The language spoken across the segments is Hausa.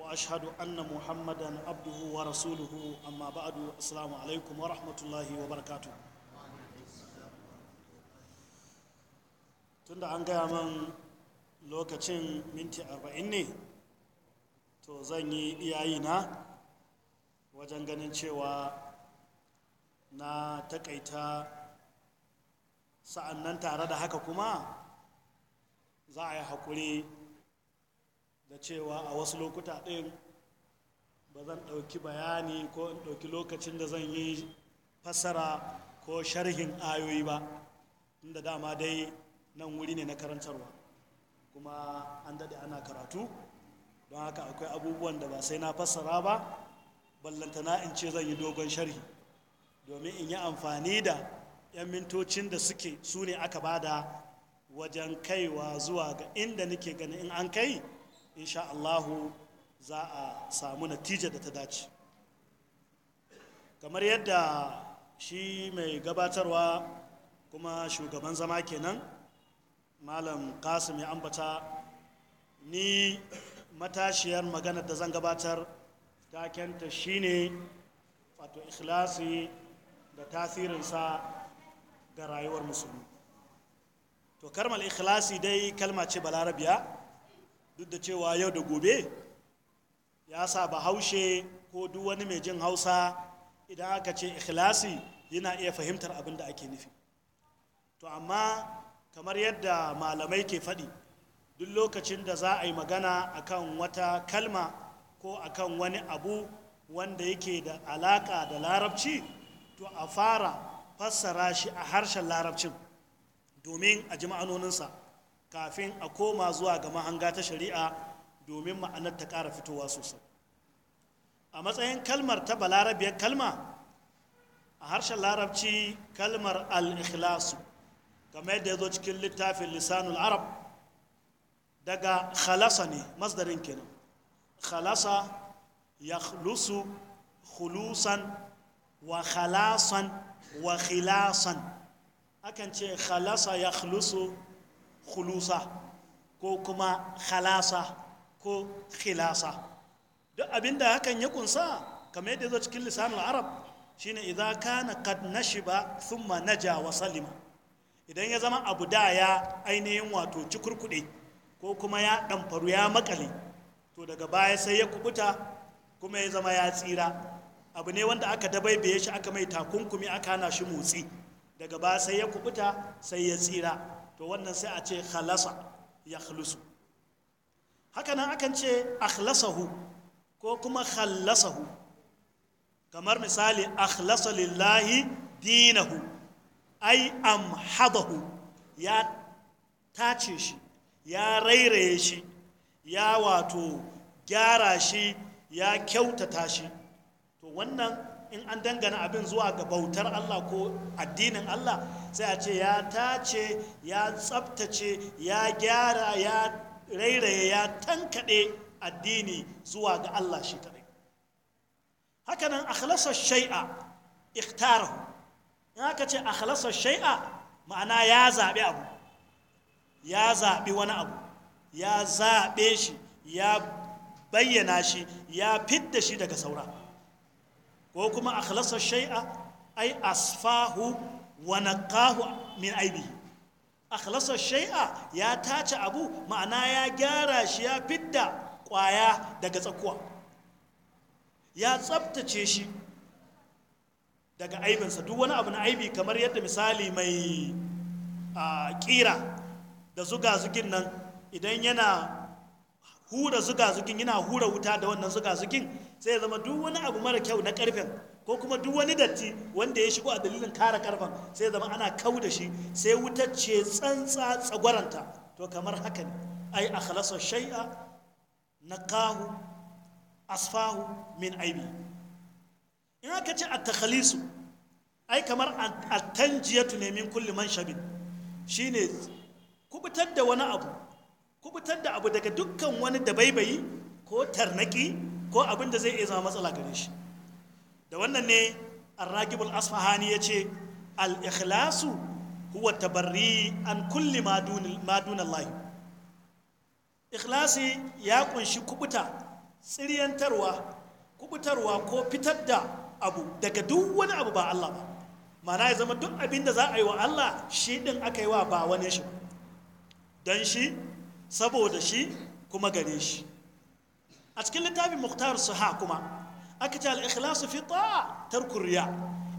واشهد ان محمدا عبده ورسوله اما بعد السلام عليكم ورحمه الله وبركاته tunda an gaya man lokacin minti arba'in ne to zan yi na wajen ganin cewa na takaita sa'an nan tare da haka kuma za a yi haƙuri da cewa a wasu lokuta ɗin ba zan ɗauki bayani ko in ɗauki lokacin da zan yi fassara ko sharhin ayoyi ba inda dama dai nan wuri ne na karantarwa kuma an daɗe ana karatu don haka akwai abubuwan da ba sai na fassara ba ballantana in ce zan yi dogon sharhi domin in yi amfani da 'yan mintocin da suke su ne aka bada wajen kaiwa zuwa ga inda nake gani in an kai insha Allahu za a samu natija da ta dace kamar yadda shi mai gabatarwa kuma shugaban zama kenan malam qasim ya ambata ni matashiyar maganar da zan gabatar takenta shine wato ikhlasi da tasirinsa ga rayuwar musulmi to karmal ikhlasi dai kalma ce balarabiya duk da cewa yau da gobe ya sa bahaushe ko duk wani mai jin hausa idan aka ce ikhlasi yana iya fahimtar abin da ake nufi to amma kamar yadda malamai ke faɗi duk lokacin da za a yi magana akan wata kalma ko akan wani abu wanda yake da alaƙa da larabci to a fara fassara shi a harshen larabcin domin a jima'anoninsa. kafin a koma zuwa ga mahanga ta shari'a domin ma'anar ta ƙara fitowa sosai a matsayin kalmar ta balarabiyar kalma a harshen larabci kalmar al-ikhlasu kamar yadda ya zo cikin littafin lisanul arab daga khalasa ne masdarin kenan khalasa ya khulusu khulusan wa khalasan wa khilasan akan ce khalasa ya khulusu khulusa ko kuma khalasa ko khilasa duk abinda hakan ya kunsa kamar yadda zo cikin lisanin arab shine idza kana qad nashiba thumma naja wa salima idan ya zama abu da ya ainihin wato cikurkude ko kuma ya ɗamfaru ya makale to daga baya sai ya kubuta kuma ya zama ya tsira abu ne wanda aka dabaibaye shi aka mai takunkumi aka hana shi motsi daga baya sai ya kubuta sai ya tsira to wannan sai a ce khalasa ya khulusu haka nan akan ce akhlasahu ko kuma khallasahu kamar misali akhlasa lillahi dinahu ai amhadahu ya tace shi ya rairaye shi ya wato gyara shi ya kyautata shi to wannan in an dangana abin zuwa ga bautar Allah ko addinin Allah sai a ce ya tace ya tsabtace ya gyara ya rairaye ya tankaɗe addini zuwa ga Allah shi kaɗai hakanan akhlasa shai'a ikhtarahu in aka ce akhlasa shai'a ma'ana ya zaɓi abu ya zaɓi wani abu ya zaɓe shi ya bayyana shi ya fidda shi daga saura ko kuma akhlasa shay'a ay asfahu wa naqahu min aibi akhlasa shay'a ya tace abu ma'ana ya gyara shi ya fidda kwaya daga tsakuwa ya tsabtace shi daga aibinsa duk wani abu na aibi kamar yadda misali mai a kira da zuga zugin nan idan yana hura zuga-zugin yana hura wuta da wannan zuga-zugin sai zama duk wani abu mara kyau na karfen ko kuma duk wani datti wanda ya shigo a dalilin kara karfen sai zama ana kau da shi sai wuta ce tsantsa tsagwaranta to kamar haka ne ai akhlasa shay'a naqahu asfahu min aibi in aka ce at-takhlisu ai kamar at-tanjiyatu ne min kulli man shabin shine kubutar da wani abu kubutar da abu daga dukkan wani dabaibayi ko tarnaki ko abin da zai iya zama matsala gare shi da wannan ne arragibul asfahani ya ce al-ikhlasu huwa tabarri an kulli madunallahi ikhlasi ya kunshi kubuta tsiriyantarwa kubutarwa ko fitar da abu daga duk wani abu ba Allah ba mana ya zama duk abin da za a yi wa Allah shi ɗin aka yi wa ba wani shi don shi saboda shi kuma gare shi a cikin littafin muktar ha kuma aka ce al’ikhlasu fi ta'a tarkur riya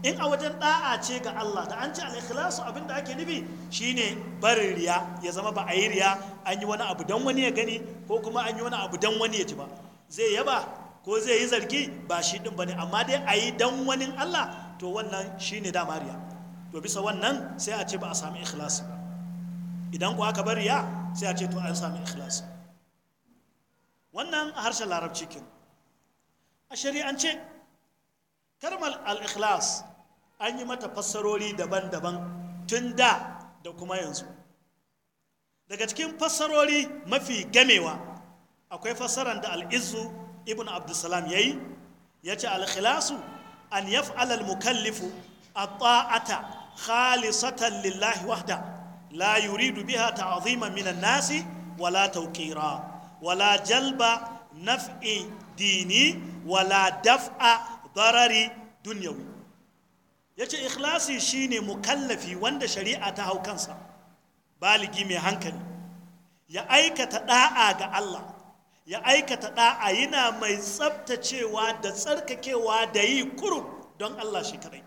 in a wajen ɗa'a ce ga Allah da an ce al’ikhlasu abin da ake nufi ne barin riya ya zama ba a yi riya an yi wani abu dan wani ya gani ko kuma an yi wani abu dan wani ya ji ba zai yaba ko zai yi zargi ba shi ba ne amma dai a yi dan wani Allah to wannan shi shine dama riya to bisa wannan sai a ce ba a sami ikhlasu ba idan ku aka bar riya sai a ce to an sami ikhlasi wannan a harshen larabci kin a shari'ance kalmar al-ikhlas an yi mata fassarori daban-daban tun da da kuma yanzu daga cikin fassarori mafi gamewa akwai fassarar da al'izu ibn abdulsalam ya yi ya ce alkhilasu an yaf'alal mukallifu a ta'ata khalisatan lillahi wahda la yuridu biha ta'zima minan nasi wala tawqira wala jalba naf'i dini wala daf'a darari dunyawi yace ikhlasi shine mukallafi wanda shari'a ta hau kansa baligi mai hankali ya aikata da'a ga Allah ya aikata da'a yana mai tsabtacewa da tsarkakewa da yi kurum don Allah shi kadai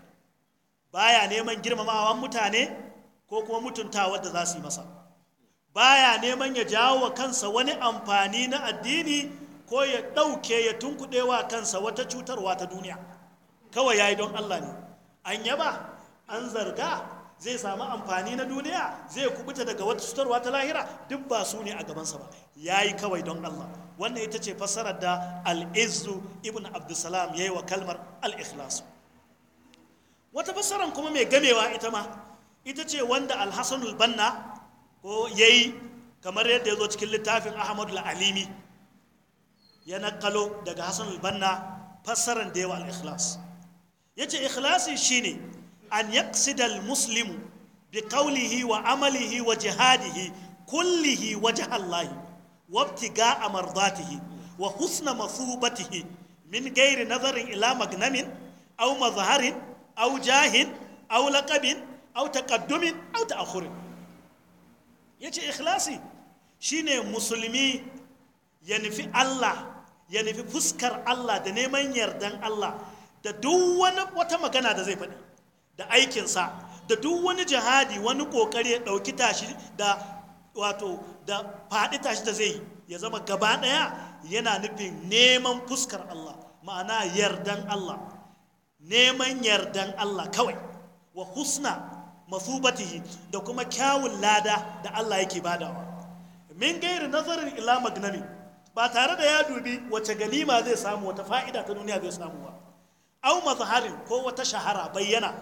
baya neman girmamawan mutane ko kuma mutuntawa da za su yi masa baya neman ya jawo wa kansa wani amfani na addini ko ya ɗauke ya tunkuɗe wa kansa wata cutarwa ta duniya kawai ya yi don Allah ne an yaba an zarga zai samu amfani na duniya zai kubuta daga wata cutarwa ta lahira duk ba su ne a gabansa ba ya yi kawai don Allah wannan ita ce fassarar da al'izu ibn abdulsalam ya yi wa kalmar al'ikhlas wata fassarar kuma mai gamewa ita ma ita ce wanda alhassanul banna ko ya yi kamar yadda ya zo cikin littafin ahmadu al'alimi ya nakalo daga hassanul banna fassarar da yawa yace ya ce ikhlasi shine an yaksidal muslimu bi kaulihi wa amalihi wa jihadihi kullihi wa wajha Allah wa a marzatihi wa husna masubatihi min gairi nazarin ila magnamin au mazharin au jahin au lakabin. au taqaddumin au ta'akhurin yace ikhlasi shine musulmi ya nufi Allah ya nufi fuskar Allah da neman yardan Allah da duk wani wata magana da zai faɗi da aikinsa da duk wani jihadi wani ƙoƙari ya ɗauki tashi da wato da faɗi tashi da zai ya zama gaba ɗaya yana nufin neman fuskar Allah ma'ana yardan Allah neman yardan Allah kawai wa husna masubatihi da kuma kyawun lada da Allah yake badawa min gairi nazarin ila magnami ba tare da ya dubi wace galima zai samu wata fa'ida ta duniya zai samu ba au mazharin ko wata shahara bayyana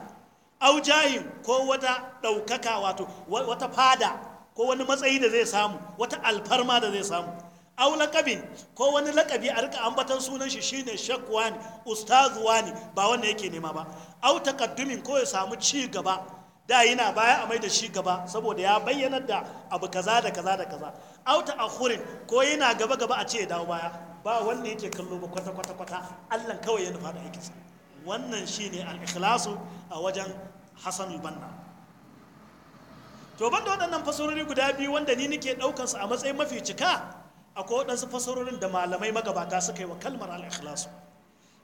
au jahin ko wata ɗaukaka wato wata fada ko wani matsayi da zai samu wata alfarma da zai samu au lakabin ko wani lakabi a rika ambatan sunan shi shine shakwani ustazuwani ba wanda yake nema ba au takaddumin ko ya samu ci gaba da yana baya a mai da shi gaba saboda ya bayyana da abu kaza da kaza da kaza auta a hurin ko yana gaba gaba a ce ya dawo baya ba wanda yake kallo ba kwata kwata kwata Allah kawai ya nufa da aikinsa wannan shine al-ikhlasu a wajen Hassan al-Banna to banda waɗannan fasarori guda biyu wanda ni nake ɗaukar su a matsayin mafi cika akwai waɗansu fasarorin da malamai magabata suka yi wa kalmar al-ikhlasu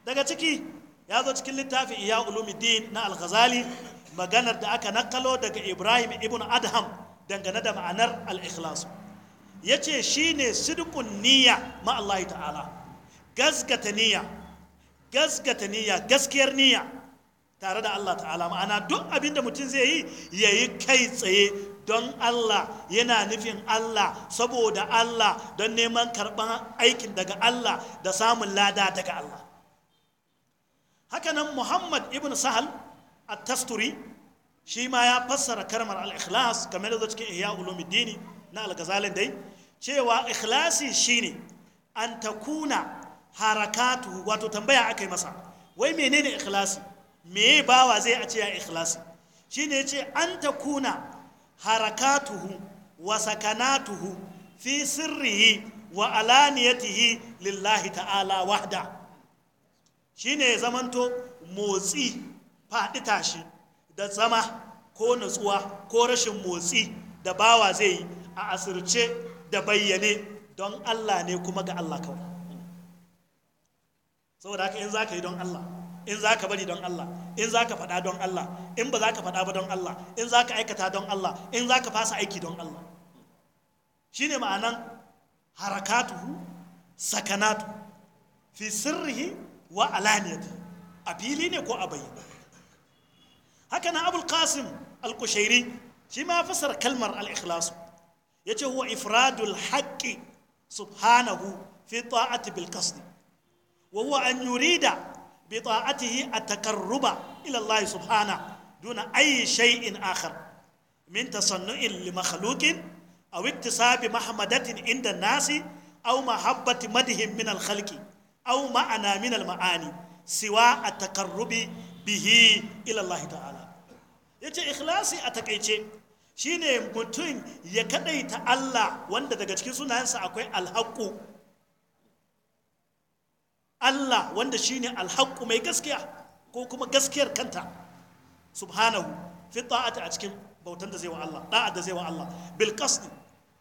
daga ciki ya zo cikin littafin iya ulumuddin na al-ghazali maganar da aka nakalo daga ibrahim ibn adham dangane da ma'anar al ya ce shi ne sidikun niyya ma'allahi ta'ala gasgata niyya gasgata niyya gaskiyar niyya tare da allah ta'ala ma'ana duk abin da mutum zai yi ya yi kai tsaye don allah yana nufin allah saboda allah don neman karɓar aikin daga allah da samun lada daga allah hakanan muhammad ibn sahal at-tasturi shi ma ya fassara karmar al-ikhlas kamar da cikin ihya ulumuddin na al-ghazalin dai cewa ikhlasi shine an takuna harakatu wato tambaya akai masa wai menene ikhlasi me bawa zai a ce ya ikhlasi shine yace an takuna harakatuhu wa sakanatuhu fi sirrihi wa alaniyatihi lillahi ta'ala wahda shine zamanto motsi faɗi tashi da zama ko natsuwa ko rashin motsi da bawa zai yi a asirce da bayyane don Allah ne kuma ga Allah kawai saboda haka in za ka yi don Allah in za ka bari don Allah in za ka faɗa don Allah in ba za ka faɗa ba don Allah in za ka aikata don Allah in za ka fasa aiki don Allah shi ne ma'anan harakatu, sakanatu fi sirrihi wa alaniyati a fili ne ko a bayyana هكذا أبو القاسم القشيري شما فسر كلمة الإخلاص يجي هو إفراد الحق سبحانه في طاعة بالقصد وهو أن يريد بطاعته التقرب إلى الله سبحانه دون أي شيء آخر من تصنع لمخلوق أو اكتساب محمدة عند الناس أو محبة مدهم من الخلق أو معنى من المعاني سوى التقرب به إلى الله تعالى ya ce ikhlasi a takaice shine mutum ya kadaita Allah wanda daga cikin sunayensa akwai alhaƙu Allah wanda shine alhaƙu mai gaskiya ko kuma gaskiyar kanta subhanahu fi ta'ati a cikin bautan da zai wa Allah da'a da zai wa Allah bil qasdi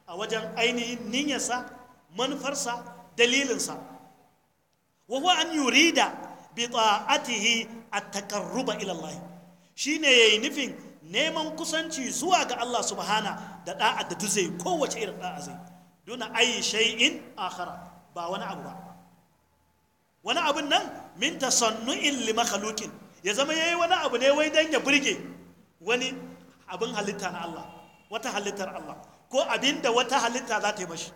a wajen ainihin niyyarsa manufarsa dalilinsa wa huwa an yurida bi ta'atihi at-taqarruba ila Allah shine yayi nufin neman kusanci zuwa ga Allah subhana da da'a da zai kowace irin da'a zai duna ayi shay'in akhara ba wani abu ba wani abun nan min tasannu'in li makhluqin ya zama yayi wani abu ne wai dan ya burge wani abin halitta na Allah wata halittar Allah ko abinda wata halitta za ta yi mashi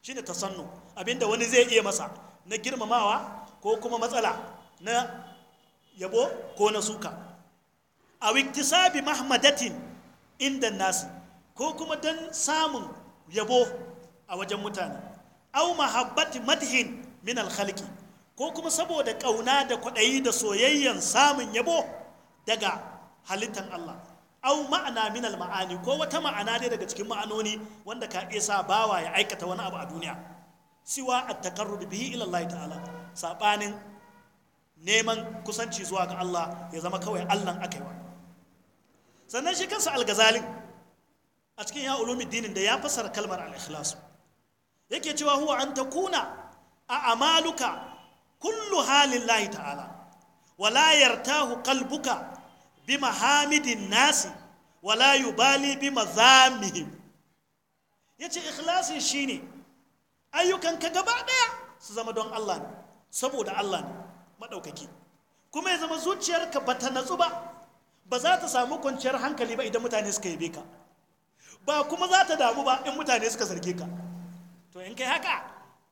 shine tasannu abinda wani zai iya masa na girmamawa ko kuma matsala na yabo ko na suka a wiktisabi mahmadatin inda nasi ko kuma don samun yabo a wajen mutane au mahabbati madhin min alkhalqi ko kuma saboda ƙauna da kwaɗayi da soyayyan samun yabo daga halittan Allah au ma'ana min ma'ani ko wata ma'ana dai daga cikin ma'anoni wanda ka isa bawa ya aikata wani abu a duniya siwa at-taqarrub bihi ila Allah ta'ala sabanin neman kusanci zuwa ga Allah ya zama kawai Allah akaiwa sannan shi kansa algazalin a cikin ya ulumuddin da ya fasara kalmar al-ikhlas yake cewa huwa an takuna a amaluka kullu halin lahi ta'ala wala yartahu qalbuka bi mahamidin nasi wala yubali bi mazamihim yace ikhlasin shine ayyukan ka gaba daya su zama don Allah ne saboda Allah ne madaukaki kuma ya zama zuciyarka bata natsu ba ba za ta samu kwanciyar hankali ba idan mutane suka yabe ka ba kuma za ta damu ba in mutane suka zarge ka to in kai haka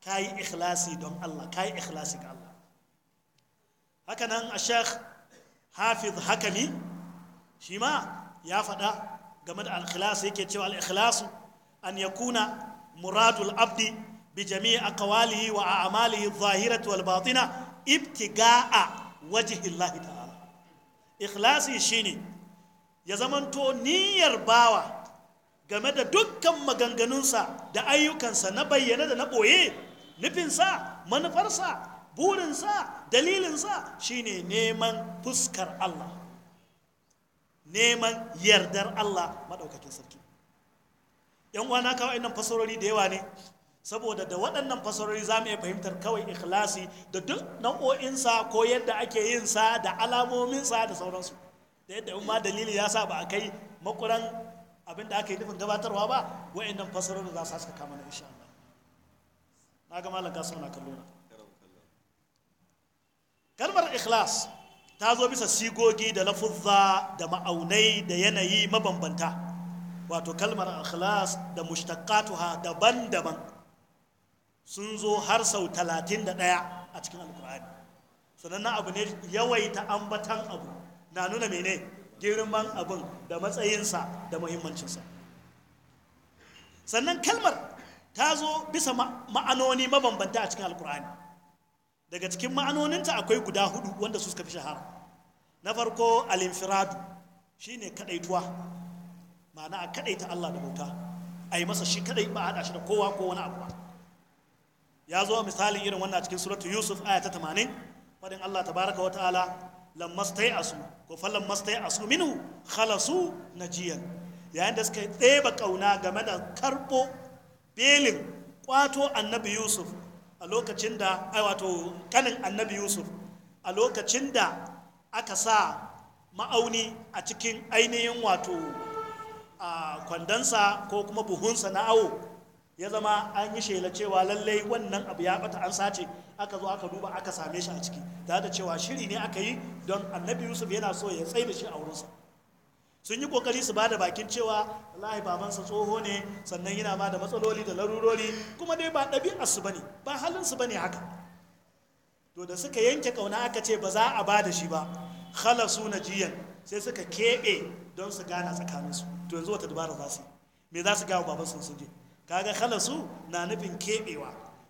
ka yi ikhlasi don Allah ka yi ikhlasi ga Allah haka nan a sheikh hafiz hakami shi ma ya faɗa game da al-ikhlas yake cewa al-ikhlasu an yakuna muradul abdi bi jami'i aqwalihi wa a'malihi adh-dhahirati wal batina ibtiga'a wajhi Allah ta'ala ikhlasi shine ya zamanto niyyar bawa game da dukkan maganganunsa da ayyukansa na bayyana da na ɓoye nufinsa manufarsa burinsa dalilinsa shine neman fuskar Allah neman yardar Allah maɗaukakin sarki yan uwa na kawo innan fasarori da yawa ne saboda da waɗannan fasarori za mu iya fahimtar kawai ikhlasi da duk nau'o'insa ko yadda ake yin sa da alamominsa da sauransu da yadda in ma dalili ya sa ba a kai makuran abin da aka yi nufin gabatarwa ba wa'annan fasarori za su haska kama na insha Allah na ga malam kasu kallo na kalmar ikhlas ta zo bisa sigogi da lafuzza da ma'aunai da yanayi mabambanta wato kalmar ikhlas da mushtaqatuha daban-daban sun zo har sau talatin da ɗaya a cikin alkur'ani sannan abu ne yawaita ambatan abu na nuna mene girman abin da matsayinsa da muhimmancinsa sannan kalmar ta zo bisa ma'anoni mabambanta a cikin alkur'ani daga cikin ma'anoninta akwai guda hudu wanda su suka fi shahara na farko alinfiradu ne kadaituwa ma'ana a kadaita Allah da bauta a yi masa shi kadai ba a haɗa shi da kowa ko wani abu ba ya zo misalin irin wannan cikin suratu yusuf aya ta 80 fadin Allah tabaraka wa ta'ala lammastai asu ko fa lammastai asu minhu khalasu najiyan yayin da suka tseba kauna game da karbo belin kwato annabi yusuf a lokacin da ai wato kanin annabi yusuf a lokacin da aka sa ma'auni a cikin ainihin wato a kwandansa ko kuma buhunsa na awo ya zama an yi shela cewa lallai wannan abu ya bata an sace aka zo aka duba aka same shi a ciki da da cewa shiri ne aka yi don annabi yusuf yana so ya tsaye da shi a wurinsa sun yi kokari su bada bakin cewa wallahi babansa tsoho ne sannan yana ma da matsaloli da larurori kuma dai ba ɗabi'ar su bane ba halin su bane haka to da suka yanke kauna aka ce ba za a ba da shi ba khalasu najiyan sai suka keɓe don su gana tsakaninsu to yanzu wata dubara za su yi me za su gawo babansa sun je kaga khalasu na nufin keɓewa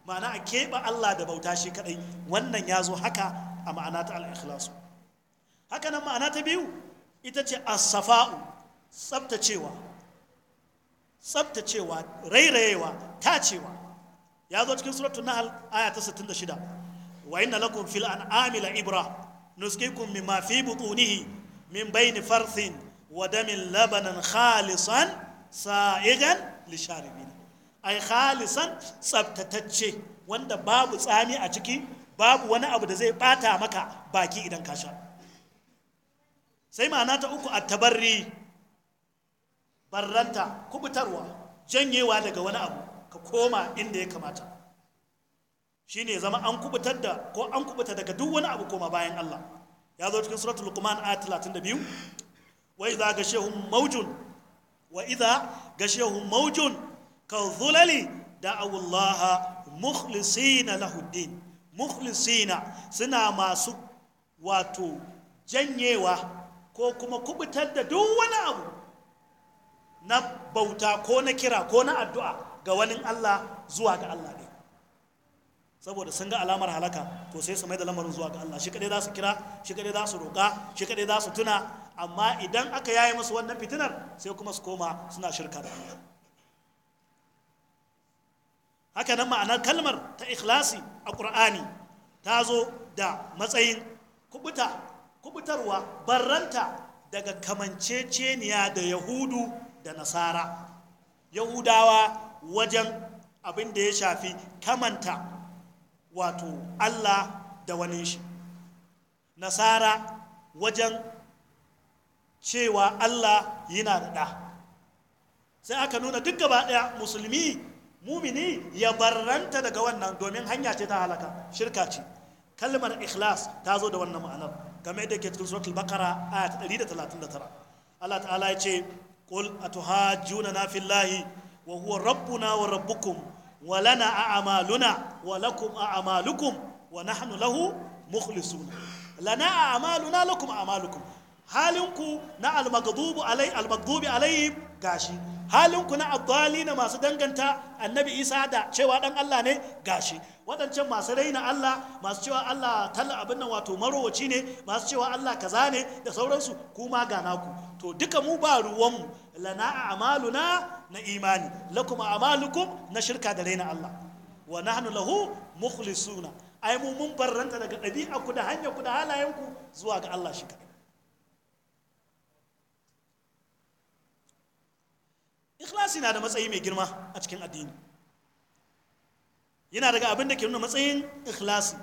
ma'ana a keɓe Allah da bauta shi kaɗai wannan ya zo haka a ma'ana ta al-ikhlasu haka nan ma'ana ta biyu ita ce as-safa'u tsaftacewa rairayewa tacewa ya zo cikin suratul nahl aya ta 66 wa inna lakum fil an'ami la ibra nusqikum mimma fi butunihi min bayni farthin wa damin labanan khalisan sa'igan lisharibina ai khalisan tsaftatacce wanda babu tsami a ciki babu wani abu da zai bata maka baki idan ka sha sai ma'ana ta uku attabarri barranta kubutarwa janyewa daga wani abu ka koma inda ya kamata shine zama an kubutar da ko an kubuta daga duk wani abu koma bayan Allah ya zo cikin suratul luqman ayat 32 wa idza gashahum mawjun wa idza gashahum mawjun kan zulali da'awullaha mukhlisina lahuddin mukhlisina suna masu wato janyewa ko kuma kubutar da duk wani abu na bauta ko na kira ko na addu'a ga wani Allah zuwa ga Allah ne saboda sun ga alamar halaka to sai su mai da lamarin zuwa ga Allah shi kadai za su kira shi kadai za su roƙa shi kadai za su tuna amma idan aka yaye musu wannan fitinar sai kuma su koma suna shirka da Allah haka nan ma'anar kalmar ta ikhlasi a ƙur'ani ta zo da matsayin kubuta kubutarwa barranta daga kamanceceniya da yahudu da nasara yahudawa wajen abin da ya shafi kamanta wato allah da wani shi nasara wajen cewa allah yana da ɗa sai aka nuna duk gaba ɗaya musulmi mumini ya barranta daga wannan domin hanya ce ta halaka shirka ce kalmar ikhlas ta zo da wannan ma'anar game da ke cikin suratul baqara ayat 139 Allah ta'ala ya ce qul atuhajjuna na fillahi wa huwa rabbuna wa rabbukum wa lana a'maluna wa lakum a'malukum wa nahnu lahu mukhlisun lana a'maluna lakum a'malukum halinku na almaghdubu alai almaghdubi alaihim gashi halinku na addali na masu danganta annabi isa da cewa dan allah ne gashi waɗancan masu raina allah masu cewa allah talla abin nan wato marowaci ne masu cewa allah kaza ne da sauransu kuma ga naku to duka mu ba ruwanmu lana amaluna na imani lakum amalukum na shirka da raina allah wa nahnu lahu mukhlisuna ai mu mun barranta daga ɗabi'a ku da hanyar ku da halayen ku zuwa ga allah shi ikhlasi na da matsayi mai girma a cikin addini yana daga abin da ke nuna matsayin ikhlasi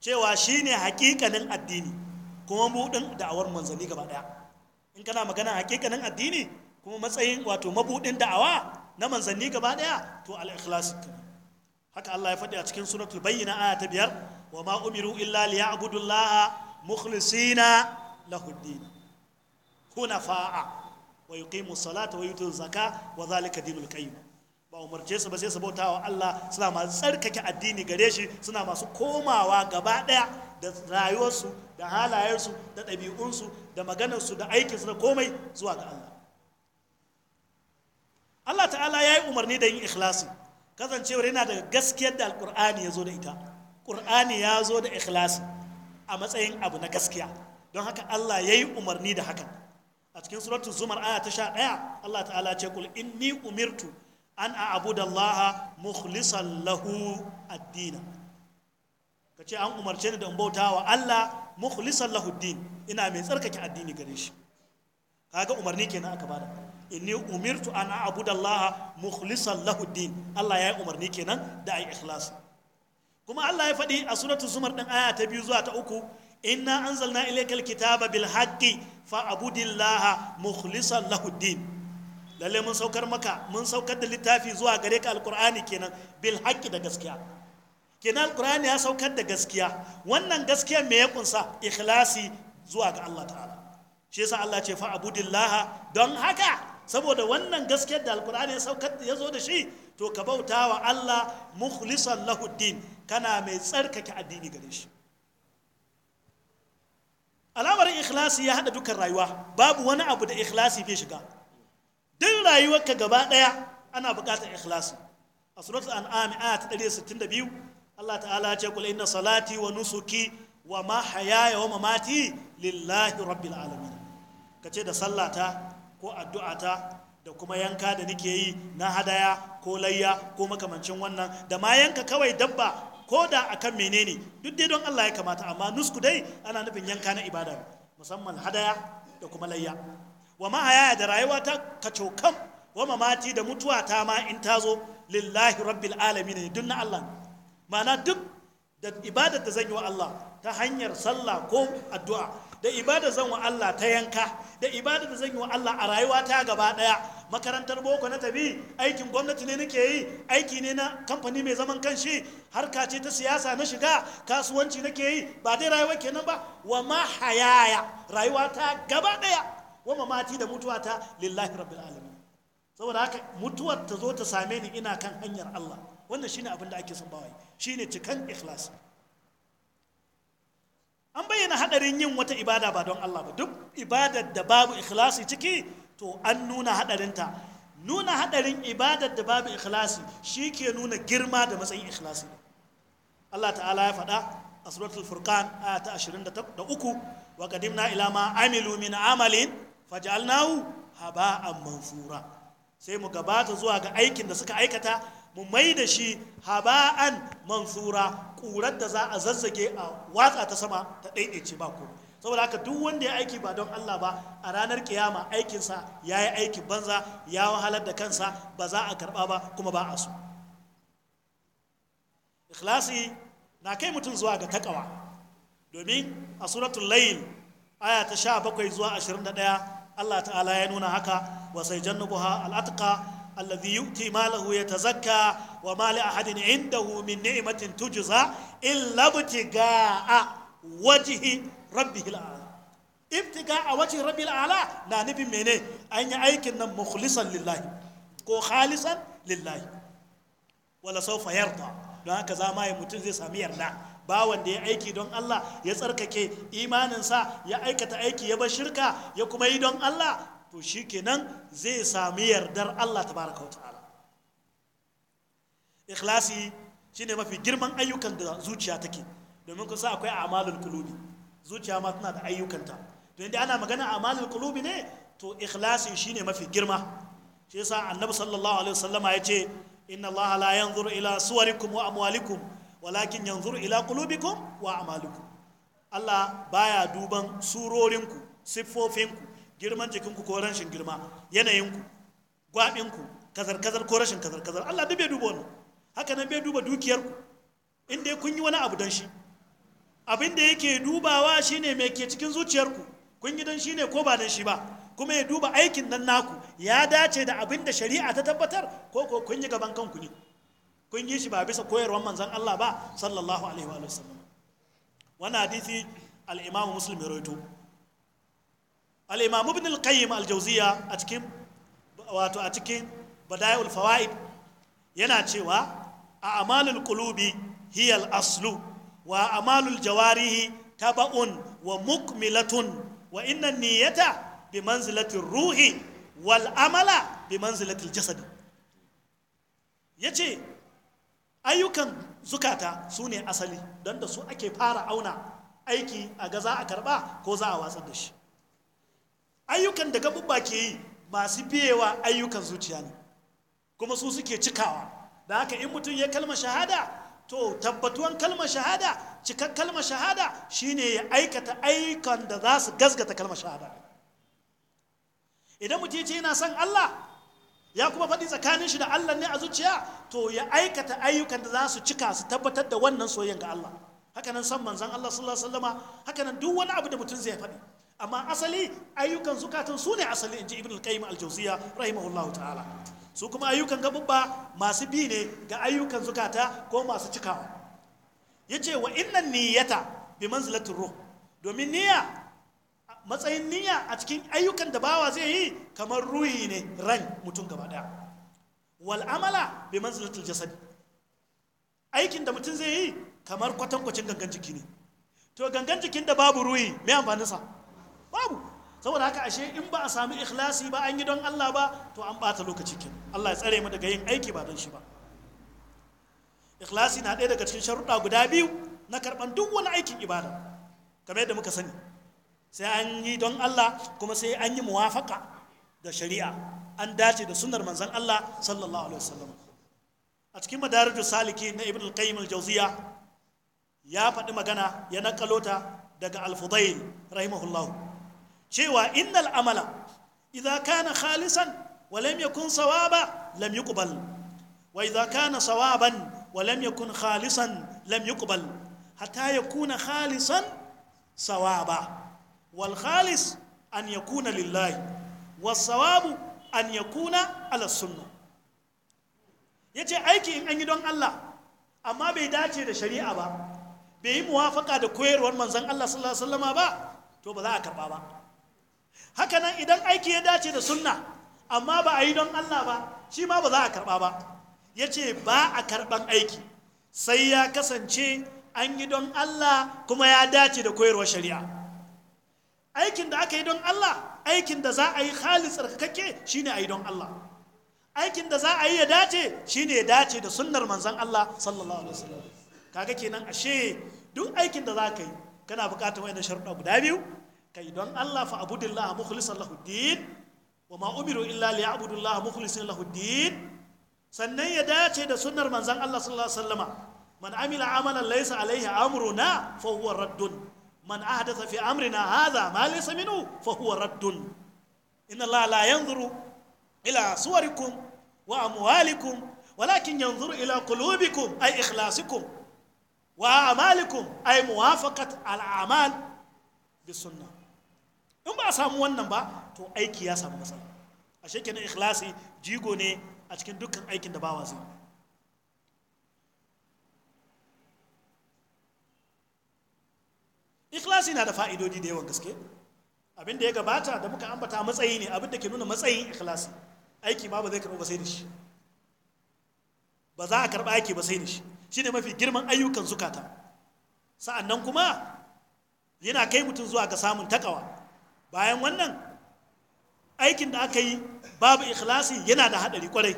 cewa shine hakikanin addini kuma buɗin da'awar manzanni gaba ɗaya in kana magana hakikanin addini kuma matsayin wato mabuɗin da'awa na manzanni gaba ɗaya to al-ikhlasi haka Allah ya faɗi a cikin suratul bayyina aya ta biyar wa ma umiru illa liya'budu Allah mukhlisina lahu din hunafa'a wa yuqimu salata wa yutu zaka wa ba umarce su ba sai su bauta wa Allah suna masu tsarkake addini gare shi suna masu komawa gaba daya da rayuwarsu da halayensu da ɗabi'unsu da maganarsu da aikinsu da komai zuwa ga Allah Allah ta'ala ya yi umarni da yin ikhlasi kasancewar yana daga gaskiyar da alkur'ani ya zo da ita ƙur'ani ya zo da ikhlasi a matsayin abu na gaskiya don haka Allah ya yi umarni da hakan a cikin suratu zumar aya ta sha ɗaya Allah ta'ala ce kul inni umirtu an a'budallaha mukhlishan lahu addina ka ce an umarce ni da in bauta wa Allah mukhlishan lahu din ina mai tsarkake addini gare shi kaga umarni kenan aka bada inni umirtu an a'budallaha mukhlishan lahu din Allah ya yi umarni kenan da ai iklas kuma Allah ya faɗi a suratun zumar ɗin aya ta biyu zuwa ta uku inna anzalna ilaykal kitaba bil haqqi fa abudillaha mukhlishan lahu din lalle mun saukar maka mun saukar da littafi zuwa gare ka alqur'ani kenan bil da gaskiya kenan alqur'ani ya saukar da gaskiya wannan gaskiya me ya kunsa ikhlasi zuwa ga Allah ta'ala shi yasa Allah ce fa abudillaha don haka saboda wannan gaskiyar da alkur'ani ya saukar ya zo da shi to ka bauta wa Allah mukhlisan lahu kana mai tsarkake addini gare shi alamar ikhlasi ya haɗa dukkan rayuwa babu wani abu da ikhlasi bai shiga duk rayuwarka gaba ɗaya ana buƙatar ikhlasi a suratul an'am aya ta 162 Allah ta'ala ya ce kul inna salati wa nusuki wa mahayaya wa mamati lillahi rabbil alamin kace da sallata ko addu'ata da kuma yanka da nake yi na hadaya ko layya ko makamancin wannan da ma yanka kawai dabba ko da akan menene duk dai don Allah ya kamata amma nusku dai ana nufin yanka na ibada musamman hadaya da kuma layya wa mahaya da rayuwa ta kacokan wa mamati da mutuwa ta ma in ta zo lillahi rabbil alamin duk na Allah ma'ana duk da ibadar da zan yi wa Allah ta hanyar sallah ko addu'a da ibada zan wa Allah ta yanka da ibada da zan yi wa Allah a rayuwa ta gaba daya makarantar boko na tabi aikin gwamnati ne nake yi aiki ne na kamfani mai zaman kanshi harka ce ta siyasa na shiga kasuwanci nake yi ba dai rayuwa kenan ba wa ma hayaya rayuwa ta gaba daya wa mamati da mutuwa ta lillahi rabbil alamin saboda haka mutuwar ta zo ta same ni ina kan hanyar Allah wannan shine abin da ake son bawai shine cikan ikhlas an bayyana hadarin yin wata ibada ba don Allah ba duk ibadar da babu ikhlasi ciki to an nuna hadarinta nuna hadarin ibadar da babu ikhlasi shi ke nuna girma da matsayin ikhlasi Allah ta'ala ya faɗa a suratul furqan aya ta 23 wa qadimna ila ma amilu min amalin faj'alnahu haba'an mansura sai mu gabata zuwa ga aikin da suka aikata mu mai da shi haba'an mansura ƙurar da za a zazzage a watsa ta sama ta ɗaiɗaice ba ko saboda haka duk wanda ya aiki ba don Allah ba a ranar kiyama aikinsa ya yi aikin banza ya wahalar da kansa ba za a karɓa ba kuma ba a so ikhlasi na kai mutum zuwa ga takawa domin a suratul layl aya ta 17 zuwa 21 Allah ta'ala ya nuna haka وسيجنبها الأتقى الذي يؤتي ماله يتزكى وما لأحد عنده من نعمة تجزى إلا ابتغاء وجه ربه الأعلى ابتغاء وجه ربه الأعلى نانبي مني أن يأيكن مخلصا لله كو خالصا لله ولا سوف يرضى لأنك زما يمتن زي سامي bawan da ya aiki don Allah ya tsarkake imaninsa ya aikata aiki ya bar shirka ya kuma yi don Allah to shi kenan zai sami yardar Allah baraka wa ta'ala ikhlasi shine mafi girman ayyukan da zuciya take domin kusa akwai amalul kulubi. zuciya ma tana da ayyukanta to inda ana magana amalul kulubi ne to ikhlasi shine mafi girma shi yasa annabi sallallahu alaihi wasallama ce. inna Allah la yanzuru ila suwarikum wa amwalikum walakin yanzuru ila qulubikum wa a'malikum Allah baya duban surorinku siffofinku girman jikinku ko rashin girma yanayinku gwaɓinku kazar-kazar ko rashin kazar-kazar Allah duk bai duba wannan haka nan bai duba dukiyarku in dai kun yi wani abu don shi abin da yake dubawa shine mai ke cikin zuciyarku kun yi don shi ne ko ba don shi ba kuma ya duba aikin nan naku ya dace da abin da shari'a ta tabbatar ko ko kun yi gaban kanku ne kun yi shi ba bisa koyarwar manzon Allah ba sallallahu alaihi wa sallam wannan hadisi al-Imam Muslim ya rawaito al-imam ibn al-qayyim al a cikin wato a cikin badai'ul fawaid yana cewa a amalul kulubi hiya aslu wa amalul jawarihi taba'un wa mukmilatun wa inna niyyata bi manzilatin ruhi wal amala bi manzilatin Ya yace ayyukan zukata su ne asali don da su ake fara auna aiki a ga za a karba ko za a watsar da shi ayyukan da gaɓuɓɓa ke yi masu biyewa ayyukan zuciya ne kuma su suke cikawa da haka in mutum ya kalma shahada to tabbatuwan kalmar shahada cikar kalmar shahada shine ya aikata ayyukan da za su gazgata kalmar shahada idan mutum ce yana son Allah ya kuma faɗi tsakanin shi da Allah ne a zuciya to ya aikata ayyukan da za su cika su tabbatar da wannan soyayyen ga Allah hakanan son manzon Allah sallallahu alaihi wasallama hakanan duk wani abu da mutum zai faɗi amma asali ayyukan zukatan su ne asali in ji ibn al-qayyim al-jawziya rahimahullahu ta'ala su kuma ayyukan gabubba masu bi ne ga ayyukan zukata ko masu cikawa yace wa inna niyyata bi manzilatir ruh domin niyya matsayin niyya a cikin ayyukan da bawa zai yi kamar ruhi ne ran mutum gaba daya wal amala bi manzilatil jasad aikin da mutum zai yi kamar kwatankwacin gangan jiki ne to gangan jikin da babu ruhi me amfaninsa babu saboda haka ashe in ba a sami ikhlasi ba an yi don Allah ba to an bata lokaci kin Allah ya tsare mu daga yin aiki ba don shi ba ikhlasi na ɗaya daga cikin sharuɗa guda biyu na karɓan duk wani aikin ibada kamar yadda muka sani sai an yi don Allah kuma sai an yi muwafaka da shari'a an dace da sunnar manzon Allah sallallahu alaihi wasallam a cikin madaraju saliki na ibn al-qayyim al-jawziya ya faɗi magana ya nakalota daga al-fudayl rahimahullahu cewa innal amala idza kana khalisan wa lam yakun sawaba lam yuqbal wa idza kana sawaban wa lam yakun khalisan lam yuqbal hatta yakuna khalisan sawaba wal khalis an yakuna lillahi was sawabu an yakuna ala sunnah yace aiki in an yi don Allah amma bai dace da shari'a ba bai yi muwafaka da koyarwar manzon Allah sallallahu alaihi wasallama ba to ba za a karba ba haka nan idan aiki ya dace da sunna amma ba a yi don Allah ba shi ma ba za a karɓa ba ya ce ba a karɓan aiki sai ya kasance an yi don Allah kuma ya dace da koyarwar shari'a aikin da aka yi don Allah aikin da za a yi halis tsarkakakke shine a yi don Allah aikin da za a yi ya dace shi ne ya dace da sunnar manzan Allah sallallahu alaihi wasallam kaga kenan ashe duk aikin da za ka yi kana buƙatar wani sharuɗa guda biyu كيدون دون الله فعبد الله مخلصا له الدين وما أمروا إلا ليعبد الله مخلصا له الدين سنة يداتي دا سنة من زن الله صلى الله عليه وسلم من عمل عملا ليس عليه أمرنا فهو رد من أحدث في أمرنا هذا ما ليس منه فهو رد إن الله لا ينظر إلى صوركم وأموالكم ولكن ينظر إلى قلوبكم أي إخلاصكم وأعمالكم أي موافقة الأعمال بالسنه in ba a samu wannan ba to aiki ya samu matsala a shekenan ikhlasi jigo ne a cikin dukkan aikin da bawa zai ikhlasi na da fa'idodi da yawan gaske abin da ya gabata da muka ambata matsayi ne abin da ke nuna matsayin ikhlasi aiki ba ba zai karɓa ba sai da shi ba za a karɓa aiki ba sai da shi shi ne mafi girman ayyukan zukata sa'annan kuma yana kai mutum zuwa ga samun takawa bayan wannan aikin da aka yi babu ikhlasi yana da haɗari kwarai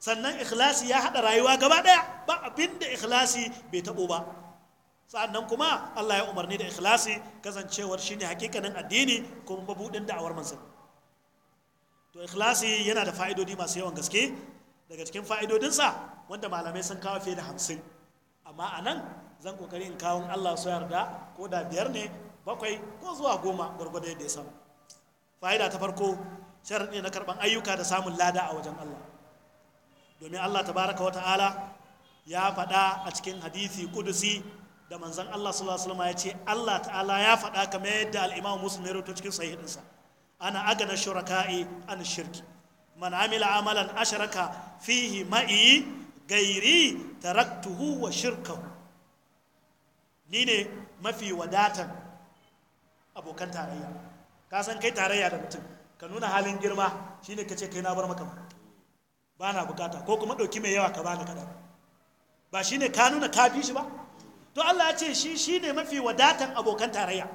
sannan ikhlasi ya haɗa rayuwa gaba ɗaya ba abin da ikhlasi bai taɓo ba sannan kuma Allah ya umarni da ikhlasi kasancewar shine hakikanin addini kuma mabudin da'awar manzon to ikhlasi yana da fa'idodi masu yawan gaske daga cikin fa'idodinsa wanda malamai sun kawo fiye da hamsin amma a nan zan kokari in kawon Allah su yarda ko da biyar ne bakwai ko zuwa goma gwargwado yadda ya samu fa'ida ta farko sharaɗi na karɓar ayyuka da samun lada a wajen Allah domin Allah tabaraka wa ta'ala ya faɗa a cikin hadisi kudusi da manzon Allah sallallahu alaihi wasallam ya ce Allah ta'ala ya faɗa kamar yadda al-Imam Muslim ya ana cikin sahihinsa ana agana shuraka'i an shirki man amila amalan asharaka fihi ma'i gairi taraktuhu wa shirkahu ni ne mafi wadatan abokan tarayya ka san kai tarayya da mutum ka nuna halin girma shine ka ce kai na bar maka ba na bukata ko kuma ɗauki mai yawa ka bani kada ba shine ka nuna ka bi shi ba to Allah ya ce shi shine mafi wadatan abokan tarayya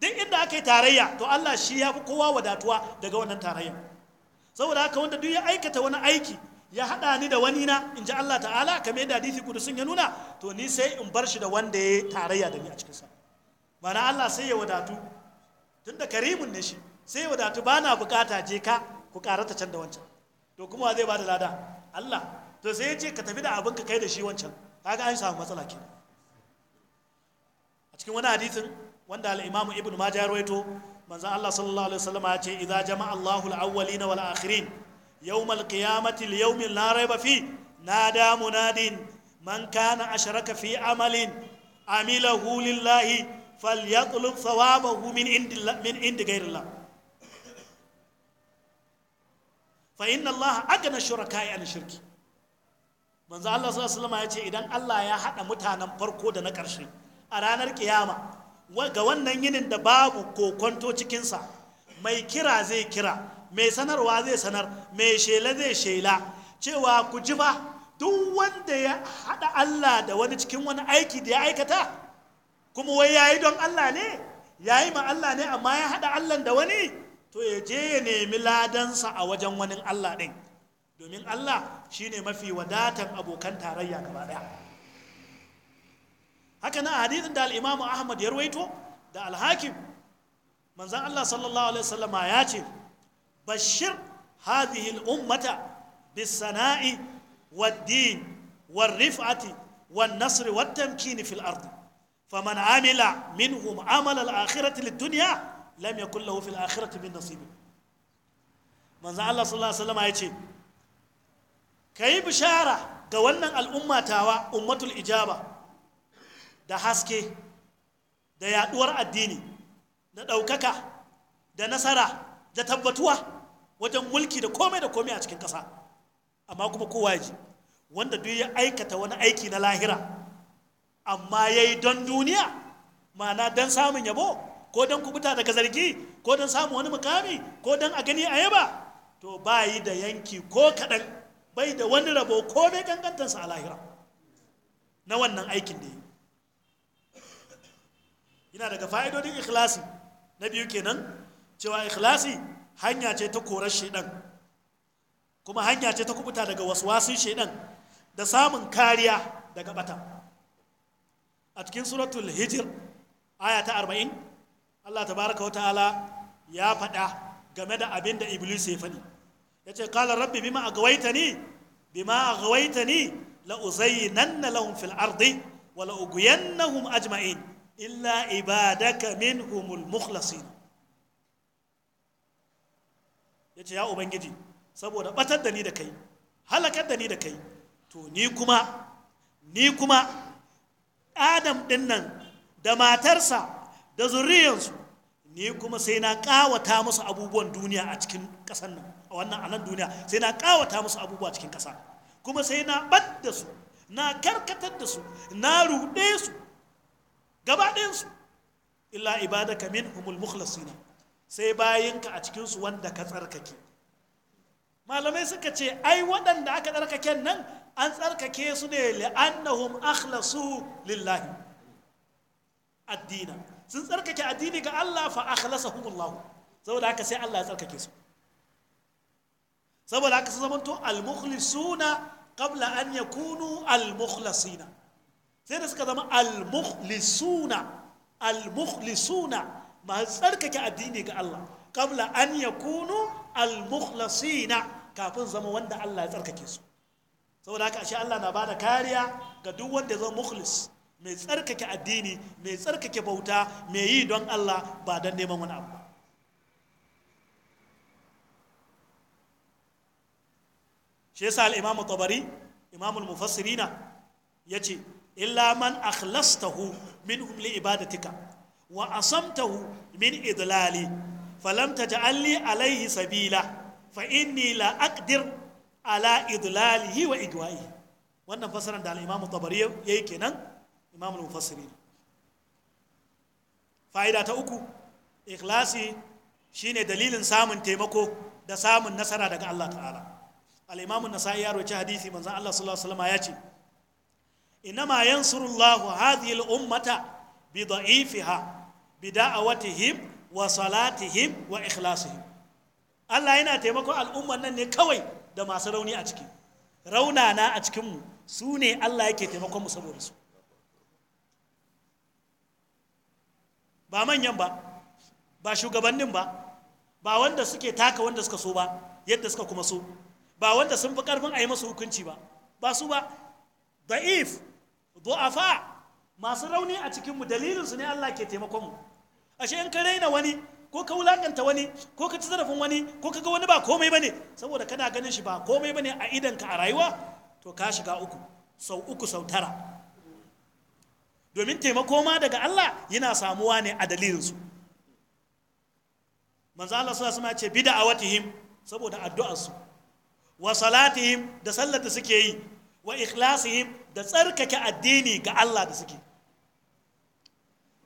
duk inda aka yi tarayya to Allah shi ya fi kowa wadatuwa daga wannan tarayya saboda haka wanda duk ya aikata wani aiki ya haɗa ni da wani na in ji Allah ta'ala kamar yadda hadisi sun ya nuna to ni sai in bar shi da wanda ya tarayya da ni a cikinsa mana Allah sai ya wadatu tun da karimun ne shi sai ya wadatu ba na bukata je ka ku karata can da wancan to kuma zai ba da lada Allah to sai ya ce ka tafi da abin ka kai da shi wancan kaga an samu matsala ke a cikin wani hadisin wanda al-Imam Ibn Majah rawaito manzo Allah sallallahu alaihi wasallam ya ce idza jama'a Allahu al-awwalina wal akhirin yawm al-qiyamati al-yawm la rayba fi nada munadin man kana ashraka fi amalin amilahu lillahi falyatlub thawabahu min indi min indi ghairillah fa inna Allah agna shuraka'i an shirki manzo Allah sallallahu alaihi ya ce idan Allah ya haɗa mutanen farko da na ƙarshe a ranar ƙiyama ga wannan yinin da babu kokonto cikinsa mai kira zai kira mai sanarwa zai sanar mai shela zai shela cewa ku ji fa duk wanda ya haɗa Allah da wani cikin wani aiki da ya aikata kuma wai yayi don Allah ne yayi ma Allah ne amma ya haɗa Allah da wani to ya je ya nemi ladansa a wajen wani Allah ɗin domin Allah shine mafi wadatan abokan tarayya gaba ɗaya haka na hadisin da al'imamu Ahmad ya rawaito da alhakim manzan Allah sallallahu alaihi wasallama ya ce bashir hadhihi ummata, bisana'i wad-din war-rif'ati wan-nasr wat-tamkin fil ardi faman amila minhum amal al-akhirati lid-dunya lam ya lahu fil akhirati min nasib manzo Allah sallallahu alaihi wasallam yace kai bishara ga wannan al'umma tawa ummatul ijaba da haske da yaɗuwar addini da ɗaukaka da nasara da tabbatuwa wajen mulki da komai da komai a cikin ƙasa amma kuma kowa ji wanda duk ya aikata wani aiki na lahira amma ya yi don duniya ma'ana don samun yabo ko don kubuta daga zargi ko don samun wani mukami ko don a gani a yaba to ba yi da yanki ko kaɗan bai da wani rabo ko mai kankantarsa a lahira na wannan aikin da yi yana daga fa'idodin ikhlasi na biyu kenan cewa ikhlasi hanya ce ta korar shaidan kuma hanya ce ta kubuta daga wasu wasu shaidan da samun kariya daga bata a cikin suratul hijir aya ta arba'in allah tabaraka wa ta'ala ya faɗa game da abin da iblis ya faɗi ya ce kala rabbi bima agawaita ni bima agawaita ni la uzayyinanna lahum fil ardi wa la ugwiyannahum ajma'in illa ibadaka minhumul mukhlasin ya ce ya ubangiji saboda batar da ni da kai halakar da ni da kai to ni kuma ni kuma adam ɗin nan da matarsa da zuriyarsu ne kuma sai na ƙawata musu abubuwan duniya a cikin ƙasar nan a wannan anan duniya sai na ƙawata musu abubuwa cikin ƙasa kuma sai na ɓadda su na karkatar da su na ruɗe su gaba ɗayansu illa ka min humul mukhlasina sai bayinka a cikinsu wanda ka tsarkake malamai suka ce ai waɗanda aka tsarkaken nan an tsarkake su ne li'annahum akhlasu lillahi addina sun tsarkake addini ga Allah fa akhlasahum Allah saboda haka sai Allah ya tsarkake su saboda haka sun zamanto al-mukhlisuna qabla an yakunu al-mukhlasina sai da suka zama al-mukhlisuna al-mukhlisuna ma tsarkake addini ga Allah qabla an yakunu al-mukhlasina kafin zama wanda Allah ya tsarkake su saboda haka ashe Allah na bada kariya ga duk wanda zo mukhlis mai tsarkake addini mai tsarkake bauta mai yi don Allah ba don neman wani abu shi yasa al-Imam Tabari Imam al-Mufassirina yace illa man akhlastahu minhum li ibadatika wa asamtahu min idlali falam alli alayhi sabila fa inni la aqdir ala idlalihi wa igwa'i wannan fasaran da al-imamu tabari yayi kenan imamul mufassirin fa'ida ta uku ikhlasi shine dalilin samun taimako da samun nasara daga Allah ta'ala al-imamu nasa'i ya roci hadisi manzon Allah sallallahu alaihi wasallam ya ce inma yansurullahu hadhihi al-ummata bi da'ifiha bi da'awatihim wa salatihim wa ikhlasihim Allah yana taimako al'umman nan ne kawai da masu rauni a ciki raunana a cikinmu su ne Allah yake taimakonmu saboda su ba manyan ba ba shugabannin ba ba wanda suke taka wanda suka so ba yadda suka kuma so ba wanda sun fi karfin a yi masu hukunci ba ba su ba da'if du'afa masu rauni a cikinmu dalilinsu ne Allah ke taimakonmu ashe in ka raina wani ko ka wulakanta wani ko ka ci zarafin wani ko ka ga wani ba komai bane saboda kana ganin shi ba komai bane a idanka a rayuwa to ka shiga uku sau uku sau tara domin taimako ma daga Allah yana samuwa ne a dalilinsu manzo Allah sallallahu alaihi ce bid'awatihim saboda addu'arsu wa salatihim da sallar da suke yi wa ikhlasihim da tsarkake addini ga Allah da suke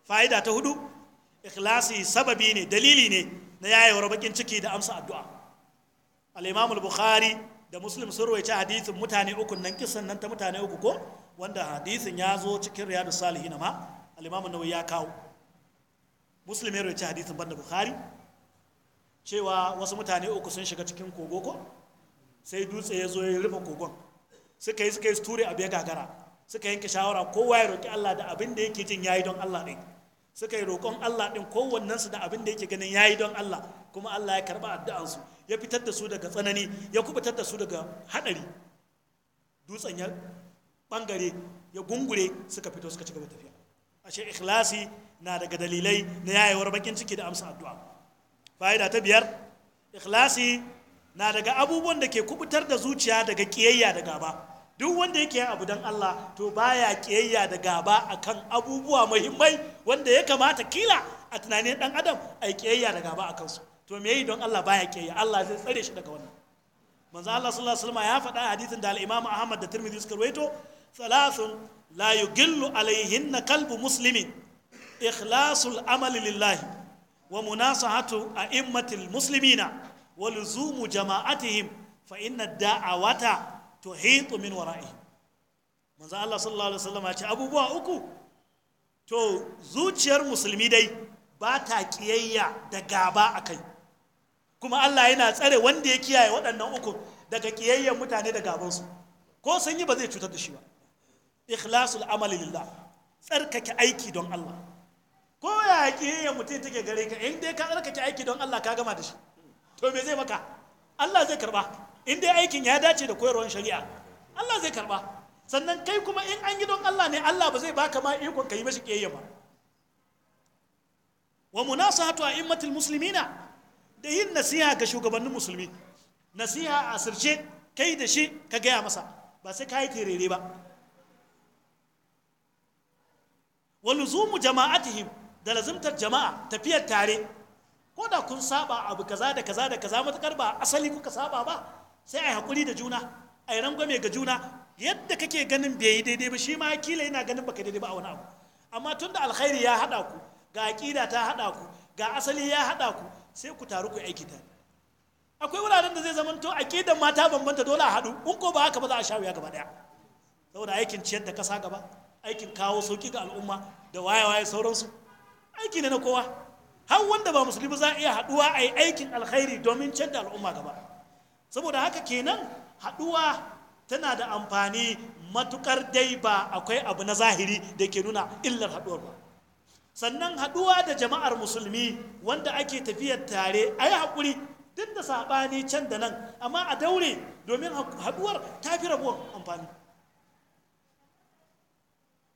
fa'ida ta hudu ikhlasi sababi ne dalili ne na yayewar bakin ciki da amsa addu'a al-imam al-bukhari da muslim sun rawaita hadisin mutane uku nan kisan nan ta mutane uku ko wanda hadisin ya zo cikin riyadu salihin ma al-imam an-nawawi ya kawo muslim ya rawaita hadisin banda bukhari cewa wasu mutane uku sun shiga cikin kogo ko sai dutse ya zo ya rufe kogon suka yi suka yi ture abu ya gagara suka yanke shawara kowa ya roki Allah da abin da yake jin yayi don Allah ɗin suka yi roƙon Allah ɗin kowannensu da abin da yake ganin ya yi don Allah kuma Allah ya karɓa addu'ansu ya fitar da su daga tsanani ya kubutar da su daga haɗari dutsen ya ɓangare ya gungure suka fito suka ci gaba tafiya ashe ikhlasi na daga dalilai na yayewar bakin ciki da amsa addu'a fa'ida ta biyar ikhlasi na daga abubuwan da ke kubutar da zuciya daga kiyayya da gaba duk wanda yake yin abu don Allah to baya ƙiyayya da gaba akan abubuwa muhimmai wanda ya kamata kila a tunanin ɗan adam a ƙiyayya da gaba akan su to me yi don Allah baya ƙiyayya Allah zai tsare shi daga wannan manzo Allah sallallahu alaihi wasallam ya faɗa a hadisin da al-Imam Ahmad da Tirmidhi suka rawaito salasun la yughillu alaihinna qalbu muslimin ikhlasul amali lillahi wa munasahatu a'immatil muslimina wa luzumu jama'atihim fa inna da'awata tuhitu min wara'i manzo Allah sallallahu alaihi wasallam ya ce abubuwa uku to zuciyar musulmi dai ba ta kiyayya da gaba kai. kuma Allah yana tsare wanda ya kiyaye waɗannan uku daga kiyayyen mutane da gabansu ko sun yi ba zai cutar da shi ba ikhlasul amali lillah tsarkake aiki don Allah ko ya kiyayyen mutum take gare ka in dai ka tsarkake aiki don Allah ka gama da shi to me zai maka Allah zai karba in dai aikin ya dace da koyarwar shari'a Allah zai karba sannan kai kuma in an yi Allah ne Allah ba zai baka ma ikon ka yi mashi kiyayya ba wa munasahatu a'immatil muslimina da yin nasiha ga shugabannin musulmi nasiha a sirce kai da shi ka gaya masa ba sai ka yi terere ba wa luzumu jama'atihim da lazimtar jama'a tafiyar tare ko da kun saba abu kaza da kaza da kaza matukar ba asali kuka saba ba sai a hakuri da juna a yi rangwame ga juna yadda kake ganin bai daidai ba shi ma kila yana ganin baka daidai ba a wani abu amma tun da alkhairi ya haɗa ku ga aƙida ta haɗa ku ga asali ya haɗa ku sai ku taru ku aiki tare akwai wuraren da zai zamanto aƙidan mata bambanta dole a haɗu in ko ba haka ba za a sha wuya gaba ɗaya saboda aikin ciyar da ƙasa gaba aikin kawo sauƙi ga al'umma da waye-waye sauransu aiki ne na kowa har wanda ba musulmi za a iya haɗuwa a yi aikin alkhairi domin canza al'umma gaba saboda haka kenan haɗuwa tana da amfani matukar dai ba akwai abu na zahiri da ke nuna illar haɗuwar ba sannan haɗuwa da jama'ar musulmi wanda ake tafiyar tare a yi haƙuri duk da saɓani can da nan amma a daure domin haɗuwar ta fi rabuwar amfani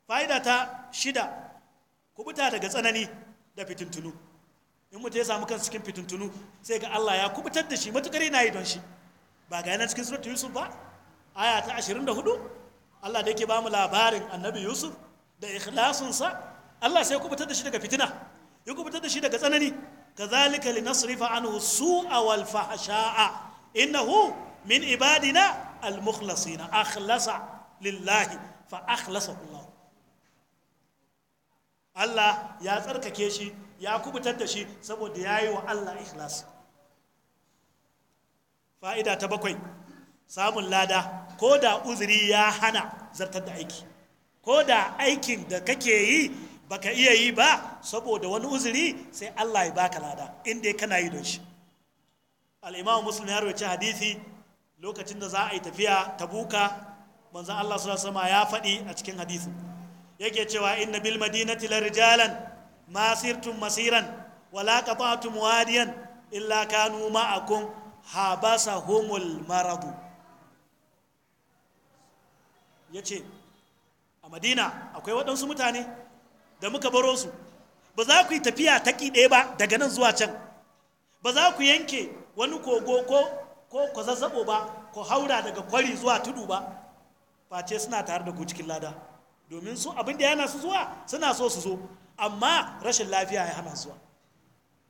fa'ida ta shida kubuta daga tsanani da fitintunu in mutu ya samu kan cikin fitintunu sai ga Allah ya kubutar da shi matukar na yi don shi ba ga yana cikin suratul yusuf ba aya ta 24 Allah da yake ba mu labarin annabi yusuf da ikhlasinsa Allah sai ya kubutar da shi daga fitina ya kubutar da shi daga tsanani li nasrifa anhu su'a wal fahsha'a innahu min ibadina al mukhlasina akhlasa lillahi fa akhlasa Allah Allah ya tsarkake shi ya kubutar da shi saboda yayi wa Allah ikhlas fa'ida ta bakwai samun lada ko da uzuri ya hana zartar da aiki ko da aikin da kake yi baka iya yi ba saboda wani uzuri sai Allah ya baka lada inda kana yi don shi al'imamu musulmi ya rawaci hadisi lokacin da za a yi tafiya ta buka manzan Allah su sama ya faɗi a cikin hadisi yake cewa inna bil madinati la rijalan masirtum masiran wala qata'tum wadiyan illa kanu ma'akum habasa homol maradu ya ce a madina akwai waɗansu mutane da muka baro su ba za ku yi tafiya ta ɗaya ba daga nan zuwa can ba za ku yanke wani kogo ko ko zazzabo ba ko haura daga kwari zuwa tudu ba face suna tare da ku cikin lada domin su abin da yana su zuwa suna so su zo amma rashin lafiya ya hana zuwa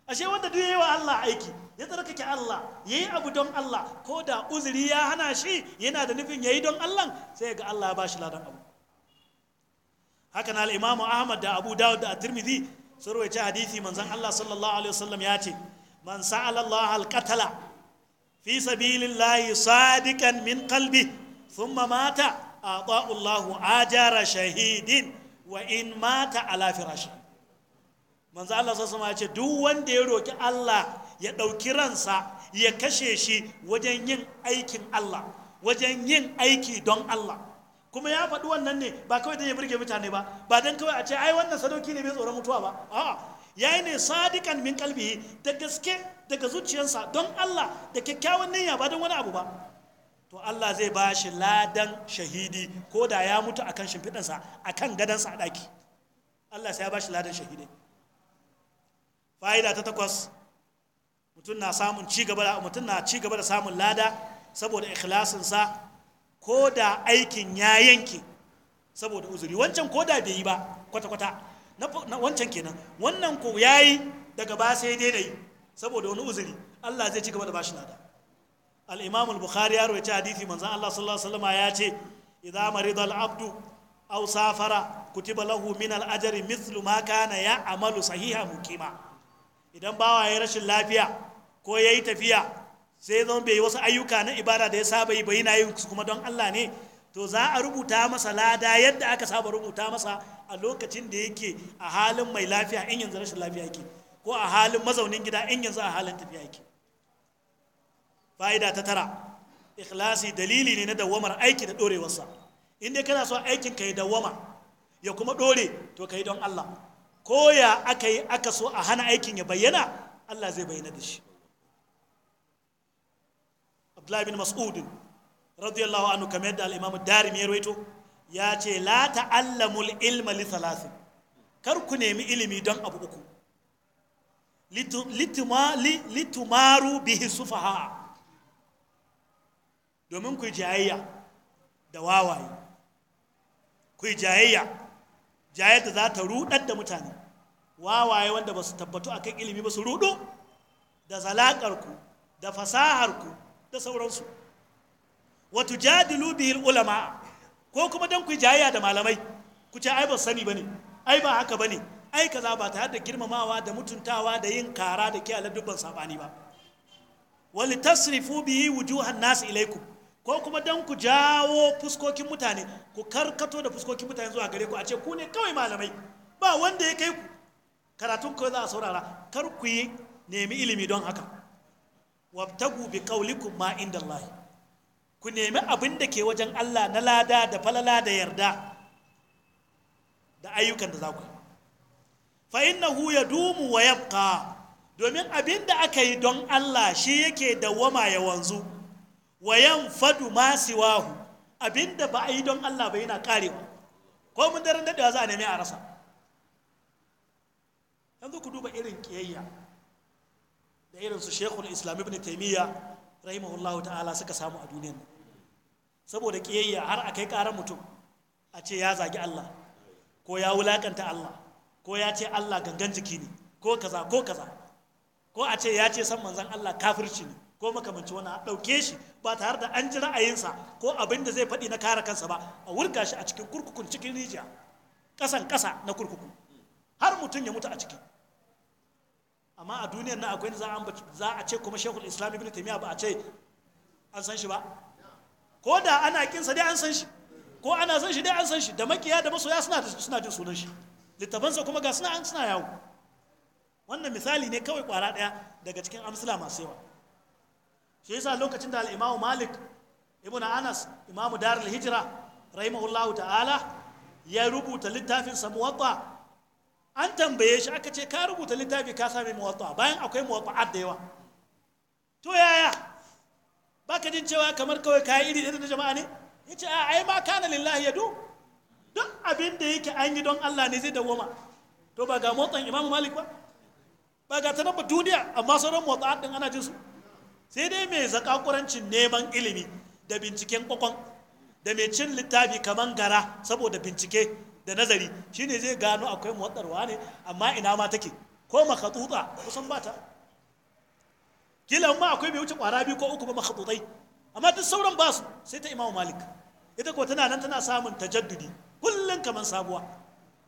ashe wanda duk yayi wa Allah aiki ya tsarkake Allah yayi abu don Allah ko da uzuri ya hana shi yana da nufin yayi don Allah sai ga Allah ya bashi ladan abu haka na al-Imam Ahmad da Abu Dawud da At-Tirmidhi sun rawaita hadisi manzon Allah sallallahu alaihi wasallam ya ce man sa'ala Allah al-qatala fi sabilillahi sadiqan min qalbi thumma mata ata'u Allah ajara shahidin wa in mata ala firashi manzo Allah sai sama ya ce duk wanda ya roki Allah ya ɗauki ransa ya kashe shi wajen yin aikin Allah wajen yin aiki don Allah kuma ya faɗi wannan ne ba kawai don ya burge mutane ba ba don kawai a ce ai wannan sadauki ne bai tsoron mutuwa ba a'a ya yi ne sadikan min kalbi da gaske daga zuciyarsa don Allah da kyakkyawan niyya ba don wani abu ba to Allah zai ba shi ladan shahidi ko da ya mutu akan shimfiɗansa akan gadansa a ɗaki Allah sai ya ba shi ladan shahidi fa'ida ta takwas mutum na samun ci gaba da mutum na ci da samun lada saboda ikhlasinsa ko da aikin ya yanke saboda uzuri wancan ko da bai yi ba kwata-kwata na wancan kenan wannan ko ya yi daga ba sai dai daina yi saboda wani uzuri Allah zai ci gaba da bashi lada al-imam al-bukhari ya rawaita hadisi manzan Allah sallallahu alaihi wasallam ya ce idza marida al-abdu aw safara kutiba lahu min al-ajri mithlu ma kana ya'malu sahiha muqima idan bawa ya rashin lafiya ko ya yi tafiya sai zama bai wasu ayyuka na ibada da ya saba yi bai na yin kuma don Allah ne to za a rubuta masa lada yadda aka saba rubuta masa a lokacin da yake a halin mai lafiya in yanzu rashin lafiya yake ko a halin mazaunin gida in yanzu a halin tafiya yake fa'ida ta tara ikhlasi dalili ne na dawamar aiki da dorewarsa in dai kana so aikin ka ya dawama ya kuma dore to ka yi don Allah ko ya aka yi aka so a hana aikin ya bayyana Allah zai bayyana da shi Abdullahi bin Mas'ud radiyallahu anhu kamar da al-Imam Darimi ya rawaito ya ce la al ilma li thalathin kar ku nemi ilimi don abu uku litumaru bihi sufaha domin ku jayayya da wawaye ku jayayya jayar da za ta rudar da mutane wawaye wanda ba su tabbatu kan ilimi ba su rudu da zalakarku da fasaharku da sauransu wato jadilu bihil ulama ko kuma don ku jayayya da malamai ku ce ai ba sani bane ai ba haka bane ai kaza ba ta da girmamawa da mutuntawa da yin kara da kiyalar dubban sabani ba wal tasrifu bihi wujuhan nas ilaikum ko kuma don ku jawo fuskokin mutane ku karkato da fuskokin mutane zuwa gare ku a ce ku ne kawai malamai ba wanda ya kai ku karatun kawai za a saurara kar ku yi nemi ilimi don haka wabtagu bi ma inda Allah ku nemi abin da ke wajen Allah na lada da falala da yarda da ayyukan da za ku fa innahu yadumu wa yabqa domin abin da aka yi don Allah shi yake dawwama ya wanzu wa fadu ma siwahu abinda ba a yi don Allah ba yana karewa ko mun daren dadewa za a nemi a rasa yanzu ku duba irin kiyayya da irin su Sheikhul Islam Ibn Rahimu rahimahullahu ta'ala suka samu a duniya. nan saboda kiyayya har a kai karar mutum a ce ya zagi Allah ko ya wulakanta Allah ko ya ce Allah gangan jiki ne ko kaza ko kaza ko a ce ya ce san manzon Allah kafirci ne ko makamanci wani a ɗauke shi ba tare da an ji ra'ayinsa ko abin da zai faɗi na kare kansa ba a wurga shi a cikin kurkukun cikin rijiya ƙasan ƙasa na kurkuku har mutum ya mutu a ciki amma a duniyar nan akwai za a ce kuma shekul islam ibn taimiyya ba a ce an san shi ba ko da ana kinsa dai an san shi ko ana san shi dai an san shi da makiya da masoya suna suna jin sunan shi littafansa kuma ga suna an suna yawo wannan misali ne kawai kwara daya daga cikin amsila masu yawa shi yasa lokacin da al-imamu malik ibn anas imamu al hijra rahimahullahu ta'ala ya rubuta littafin sa muwatta an tambaye shi aka ce ka rubuta littafi ka sami muwatta bayan akwai muwatta'at da yawa to yaya baka jin cewa kamar kawai kayi iri da jama'a ne yace a ai ma kana lillahi yadu duk abin da yake an yi don Allah ne zai dawoma to ba ga motsan imamu malik ba ba ga ta duniya amma sauran muwatta'at din ana jin su sai dai mai zakakurancin neman ilimi da binciken kwakwan da mai cin littafi kamar gara saboda bincike da nazari shine zai gano akwai mawaɗarwa ne amma ina ma take ko makatsutsa kusan ba ta kila ma akwai mai wuce kwara biyu ko uku ba makatsutsai amma duk sauran ba su sai ta imamu malik ita ko tana nan tana samun tajaddudi kullum kamar sabuwa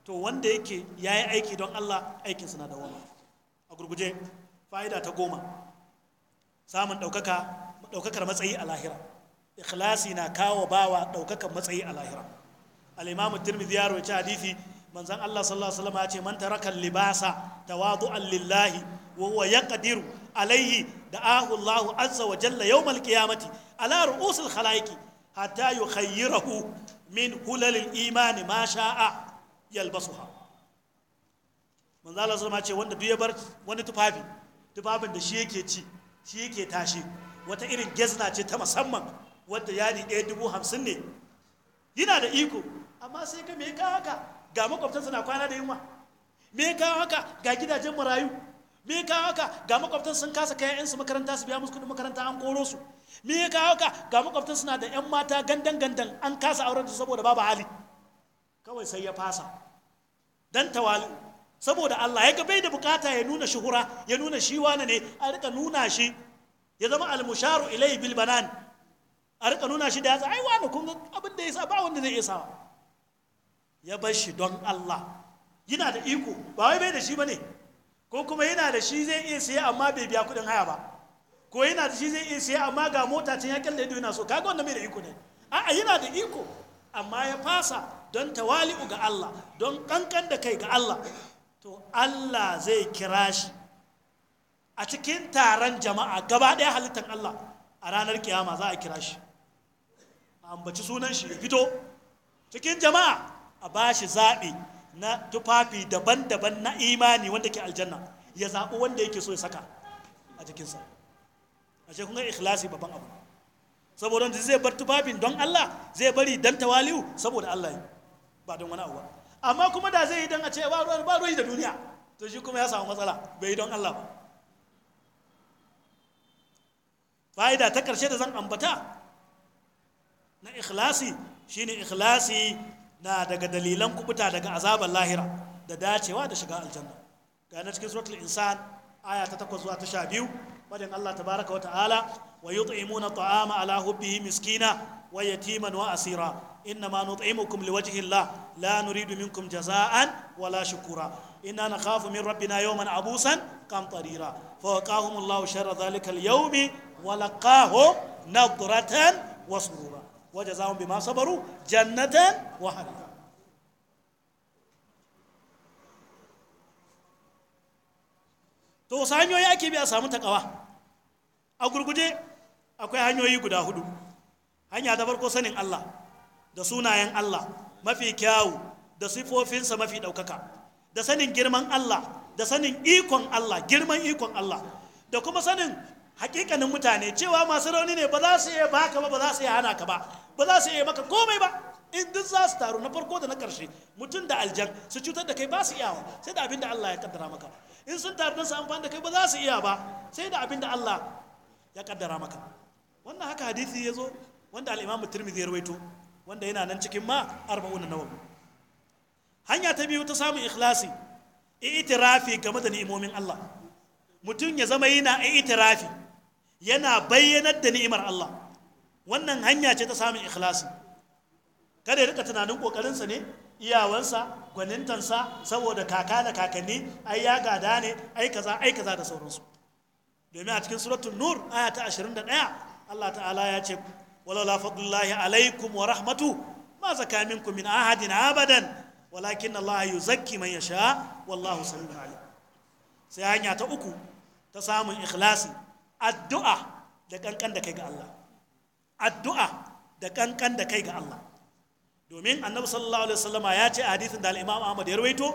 to wanda yake yayi aiki don Allah aikinsa na dawama a gurguje fa'ida ta goma samun ɗaukaka ɗaukakar matsayi a lahira ikhlasi na kawo bawa ɗaukakar matsayi a lahira al-imamu tirmidhi ya rawaita hadisi manzon Allah sallallahu alaihi wasallam ce manta rakan libasa tawadu'an lillahi wa huwa yaqdiru alaihi da'ahu Allah azza wa jalla yawm al-qiyamati ala ru'usul khalaiqi hatta yukhayyirahu min hulalil imani ma sha'a ha. manzon Allah sallallahu alaihi wasallam ce wanda duk ya bar wani tufafi tufafin da shi yake ci shi yake tashi wata irin gezna ce ta musamman wadda yadi ɗaya dubu hamsin ne yana da iko amma sai ka me kawo haka ga makwabta na kwana da yunwa me kawo haka ga gidajen marayu me ka haka ga makwabta sun kasa kayan yansu makaranta su biya musu kuɗin makaranta an koro su me kawo haka ga makwabta suna da yan mata gandan gandan an kasa auren su saboda babu hali kawai sai ya fasa dan tawali saboda Allah ya ga bai da bukata ya nuna shuhura ya nuna shi wane ne a rika nuna shi ya zama almusharu ilai bil banan a rika nuna shi da ya ai wane kun ga abin da ya sa ba wanda zai iya sawa ya bar shi don Allah yana da iko ba wai bai da shi bane ko kuma yana da shi zai iya siya amma bai biya kuɗin haya ba ko yana da shi zai iya siya amma ga mota tun ya kalle ido yana so kaga wanda bai da iko ne a'a yana da iko amma ya fasa don tawali'u ga Allah don kankan da kai ga Allah to Allah zai kira shi a cikin taron jama'a gaba ɗaya halittar Allah a ranar kiyama za a kira shi ambaci sunan shi ya fito cikin jama'a a ba shi zaɓi na tufafi daban-daban na imani wanda ke aljanna ya zaɓi wanda yake so ya saka a jikinsa a ce kunga ikhlasi babban abu saboda zai bar tufafin don Allah zai bari don tawali'u saboda Allah ba don wani abu ba amma kuma da zai yi don a ce ba ruwan ba ruwan da duniya to shi kuma ya samu matsala bai yi don Allah ba fa'ida ta ƙarshe da zan ambata na ikhlasi shine ikhlasi na daga dalilan kubuta daga azabar lahira da dacewa da shiga aljanna ga na cikin suratul insan aya ta takwas zuwa ta sha biyu بدن الله تبارك وتعالى ويطعمون الطعام على حبه مسكينا ويتيما واسيرا انما نطعمكم لوجه الله لا نريد منكم جزاء ولا شكورا انا نخاف من ربنا يوما عبوسا طريرا فوقاهم الله شر ذلك اليوم ولقاه نظرة وسرورا وجزاهم بما صبروا جنة وحريرا to sanyoyi ake biya samu takawa a gurguje akwai hanyoyi guda hudu hanya ta farko sanin Allah da sunayen Allah mafi kyawu da sifofinsa mafi ɗaukaka da sanin girman Allah da sanin ikon Allah girman ikon Allah da kuma sanin hakikanin mutane cewa masu rauni ne ba za su iya baka ba ba za su iya hana ka ba ba za su iya maka komai ba in duk za su taru na farko da na ƙarshe mutum da aljan su cutar da kai ba su iyawa sai da abin da Allah ya kaddara maka in sun taru don su amfani da kai ba za su iya ba sai da abin da Allah ya kaddara maka wannan haka hadisi ya zo wanda al'imamu tirmidhi ya rawaito wanda yana nan cikin ma arba'un nawawi hanya ta biyu ta samun ikhlasi i'tirafi game da ni'imomin Allah mutum ya zama yana i'tirafi yana bayyanar da ni'imar Allah wannan hanya ce ta samun ikhlasi kada ya rika tunanin kokarinsa ne iyawansa gwanintansa saboda kaka da kakanni ai ya gada ne ai kaza ai kaza da sauransu domin a cikin suratun nur aya ta 21 Allah ta'ala ya ce walaula fadlullahi alaikum wa rahmatu ma zaka min ahadin abadan walakin Allah yuzakki man yasha wallahu samiun alim sai hanya ta uku ta samun ikhlasi addu'a da kankan da kai ga Allah addu'a da kankan da kai ga Allah domin annabi sallallahu alaihi wasallama ya ce a hadisin da al-imam Ahmad ya rawaito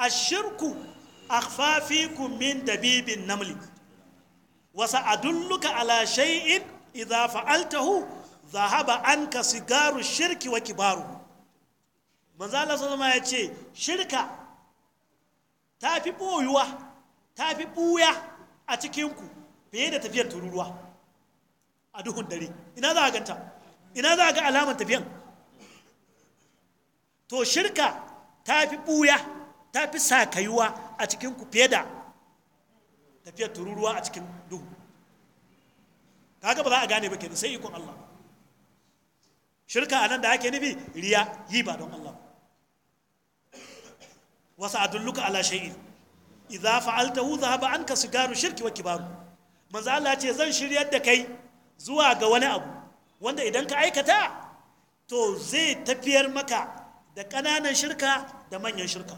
ashirku akhfafikum min dabibin namli. wasa adulluka ala shay'in idza fa'altahu dhahaba anka sigaru shirki wa kibaru manzo Allah sallama ya ce shirka ta fi boyuwa ta fi buya a cikin ku fiye da tafiyar tururuwa a duhun dare ina za a ganta ina za a ga alamar tafiyan to shirka ta fi buya ta fi sakayuwa a cikin ku fiye da tafiyar tururuwa a cikin duhu kaga ba za a gane ba kenan sai ikon Allah shirka anan da ake nufi riya yi ba don Allah wasu adulluka ala shay'in idza fa'altahu dhahaba anka sigaru shirki wa kibaru manzo Allah ce zan shiryar da kai zuwa ga wani abu wanda idan ka aikata to zai tafiyar maka da ƙananan shirka da manyan shirka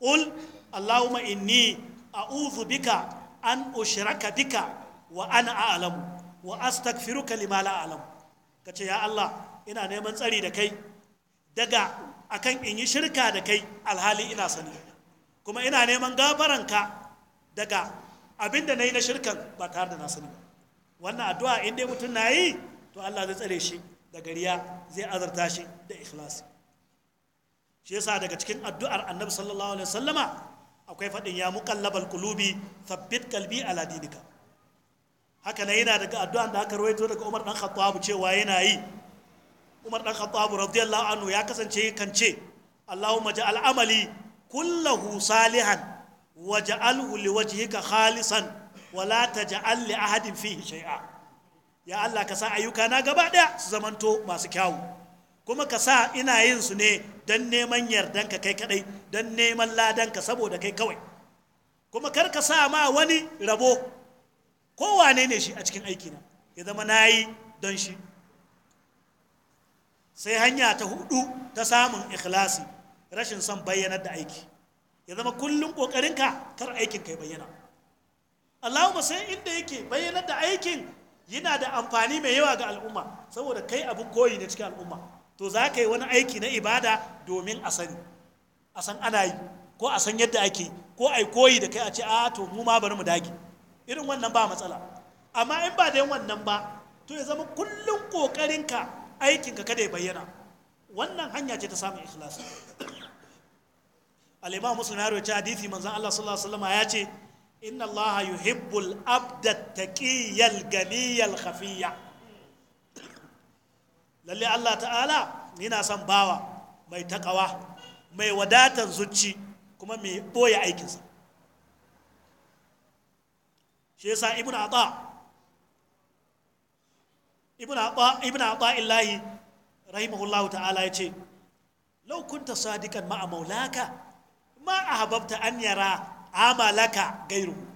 qul allahumma inni a'udhu bika an ushraka bika wa ana a'lamu wa astaghfiruka lima la a'lamu kace ya Allah ina neman tsari da kai daga akan in yi shirka da kai alhali ina sani kuma ina neman gafaranka daga abin da na yi na shirkan ba tare da na sani ba wannan addu'a in dai mutum na yi to Allah zai tsare shi daga riya zai azarta shi da ikhlasi shi yasa daga cikin addu'ar annabi sallallahu alaihi wasallama akwai faɗin ya muƙallabal kulubi sabbit kalbi ala dinika haka nan yana daga addu'an da aka rawaito daga Umar dan Khattab cewa yana yi Umar dan Khattab radiyallahu anhu ya kasance kan ce Allahumma ja'al amali kullahu salihan waj'alhu liwajhika khalisan wala taj'al li ahadin fihi shay'a ya Allah ka sa ayyuka na gaba daya su zamanto masu kyawu kuma ka sa ina yin su ne don neman yardanka kai kadai don neman ladanka saboda kai kawai kuma kar ka sa ma wani rabo kowane ne shi a cikin aikina ya zama na yi don shi sai hanya ta hudu ta samun ikhlasi rashin son bayyanar da aiki ya zama kullum ƙoƙarinka kar aikin kai bayyana allahumma sai inda yake bayyanar da aikin yana da amfani mai yawa ga al'umma saboda kai abin koyi ne cikin al'umma to za ka yi wani aiki na ibada domin a sani a san ana yi ko a san yadda ake ko ai koyi da kai a ce a to mu ma bari mu dage irin wannan ba matsala amma in ba da wannan ba to ya zama kullum ƙoƙarinka aikinka kada ya bayyana wannan hanya ce ta samun ikhlasi al-imam ya rawaita hadisi manzan Allah sallallahu alaihi wasallam ya ce inna Allaha yuhibbul abda taqiyal ganiyal khafiyya lalle Allah ta'ala yana son bawa mai taƙawa, mai wadatar zuci kuma mai ɓoye aikinsa shi yasa ibn ata ibn ata ibn ata illahi rahimahullahu ta'ala ya ce lau kunta sadikan ma'a maulaka ma ahbabta an yara amalaka gairuhu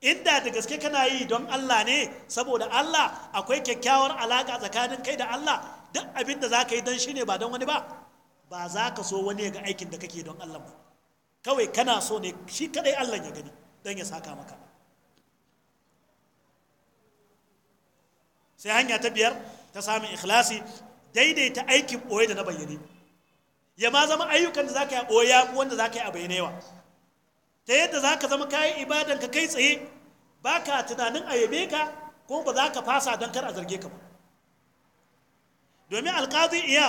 inda da gaske kana yi don Allah ne saboda Allah akwai kyakkyawar alaka tsakanin kai da Allah duk abin da za ka yi don shi ne ba don wani ba ba za ka so wani ga aikin da kake don Allah ba kawai kana so ne shi kadai Allah ya gani don ya saka maka sai hanya ta biyar ta samun ikhlasi daidaita aikin ɓoye da na bayyane ya ma zama ayyukan da za ka yi a ɓoye wanda za ka yi a bayyanewa ta yadda za ka zama kayan ibadan ka kai tsaye ba ka tunanin a yabe ka ko ba za ka fasa don kar a zarge ka ba domin alkazi iya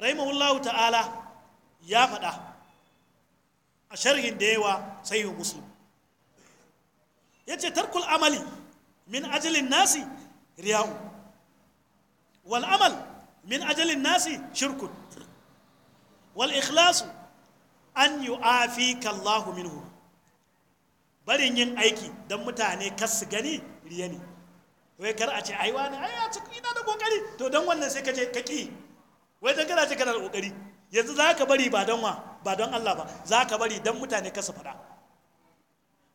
rahimahullahu ta'ala ya faɗa a sharhin da yawa sahihu muslim ya ce tarkul amali min ajalin nasi riya'u wal amal min ajalin nasi shirkun wal ikhlasu an afi kallahu minhu barin yin aiki don mutane kasu gani riya ne wai kar a ce aiwa ne ai a cikin ina da kokari to don wannan sai ka je ka ki wai don kana ce kana da kokari yanzu za ka bari ba don wa ba don Allah ba za ka bari don mutane kasu faɗa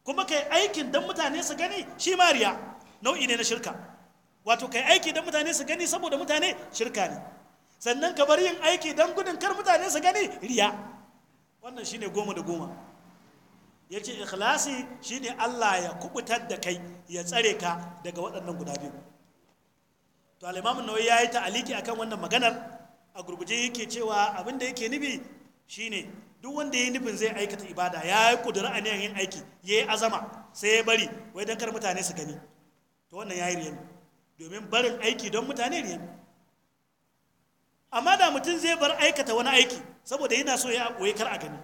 kuma kai aikin don mutane su gani shi ma riya nau'i ne na shirka wato kai aiki don mutane su gani saboda mutane shirka ne sannan ka bari yin aiki don gudun kar mutane su gani riya wannan shine goma da goma ya ce ikhlasi shine Allah ya kubutar da kai ya tsare ka daga waɗannan guda biyu to alimamin nawai ya yi ta'aliki akan wannan maganar a gurguje yake cewa abin da yake nufi shine duk wanda ya yi nufin zai aikata ibada ya yi kudura aniyan yin aiki ya yi azama sai ya bari wai don kar mutane su gani to wannan ya yi riyan domin barin aiki don mutane riyan amma da mutum zai bar aikata wani aiki saboda yana so ya koyi kar a gani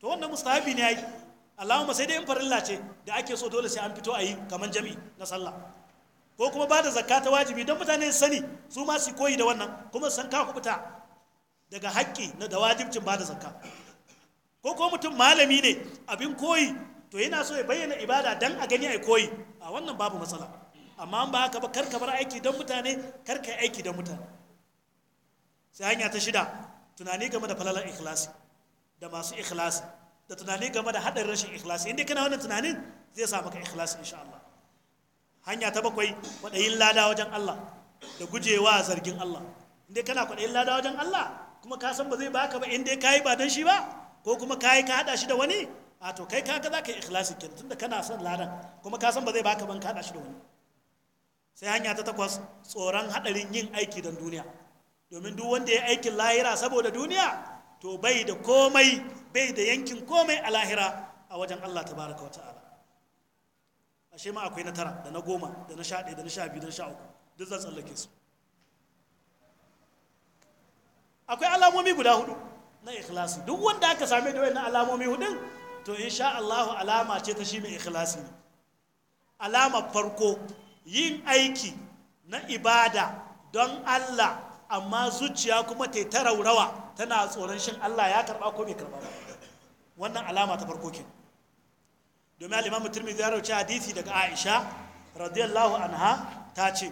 to wannan mustahabi ne yayi Allahumma sai dai in farilla ce da ake so dole sai an fito ayi yi kamar jami'i na sallah ko kuma ba da zakka ta wajibi don mutane su sani su ma su koyi da wannan kuma san ka kubuta daga haƙƙi na da wajibcin ba da zakka ko ko mutum malami ne abin koyi to yana so ya bayyana ibada dan a gani a koyi a wannan babu matsala amma an ba haka ba karka bar aiki don mutane karka aiki don mutane sai hanya ta shida tunani game da falalar ikhlasi da masu ikhlasi da tunani game da haɗarin rashin ikhlasi inda kana wannan tunanin zai sa maka ikhlasi insha Allah hanya ta bakwai kwaɗayin lada wajen Allah da gujewa zargin Allah inda kana kwaɗayin lada wajen Allah kuma ka san ba zai baka ba inda kai ba don shi ba ko kuma kai ka hada shi da wani a to kai ka za ka yi ikhlasi kenan tunda kana son ladan kuma ka san ba zai baka ban ka hada shi da wani sai hanya ta takwas tsoron hadarin yin aiki don duniya domin duk wanda ya aikin lahira saboda duniya to bai da komai bai da yankin komai a lahira a wajen Allah Ta tabaraka wata'ala ashe ma akwai na tara da na goma da na shaɗe da na sha biyu da na sha uku duk zan tsallake su akwai alamomi guda hudu na ikhlasi duk wanda aka same da wayannan alamomi hudun to sha Allah alama ce ta shi mai ikhlasi ne alama farko yin aiki na ibada don Allah amma zuciya kuma ta ta raurawa tana tsoron shin Allah ya karba ko bai karba wannan alama ta farko ke domin al-Imam Tirmidhi ya rauci hadisi daga Aisha radiyallahu anha ta ce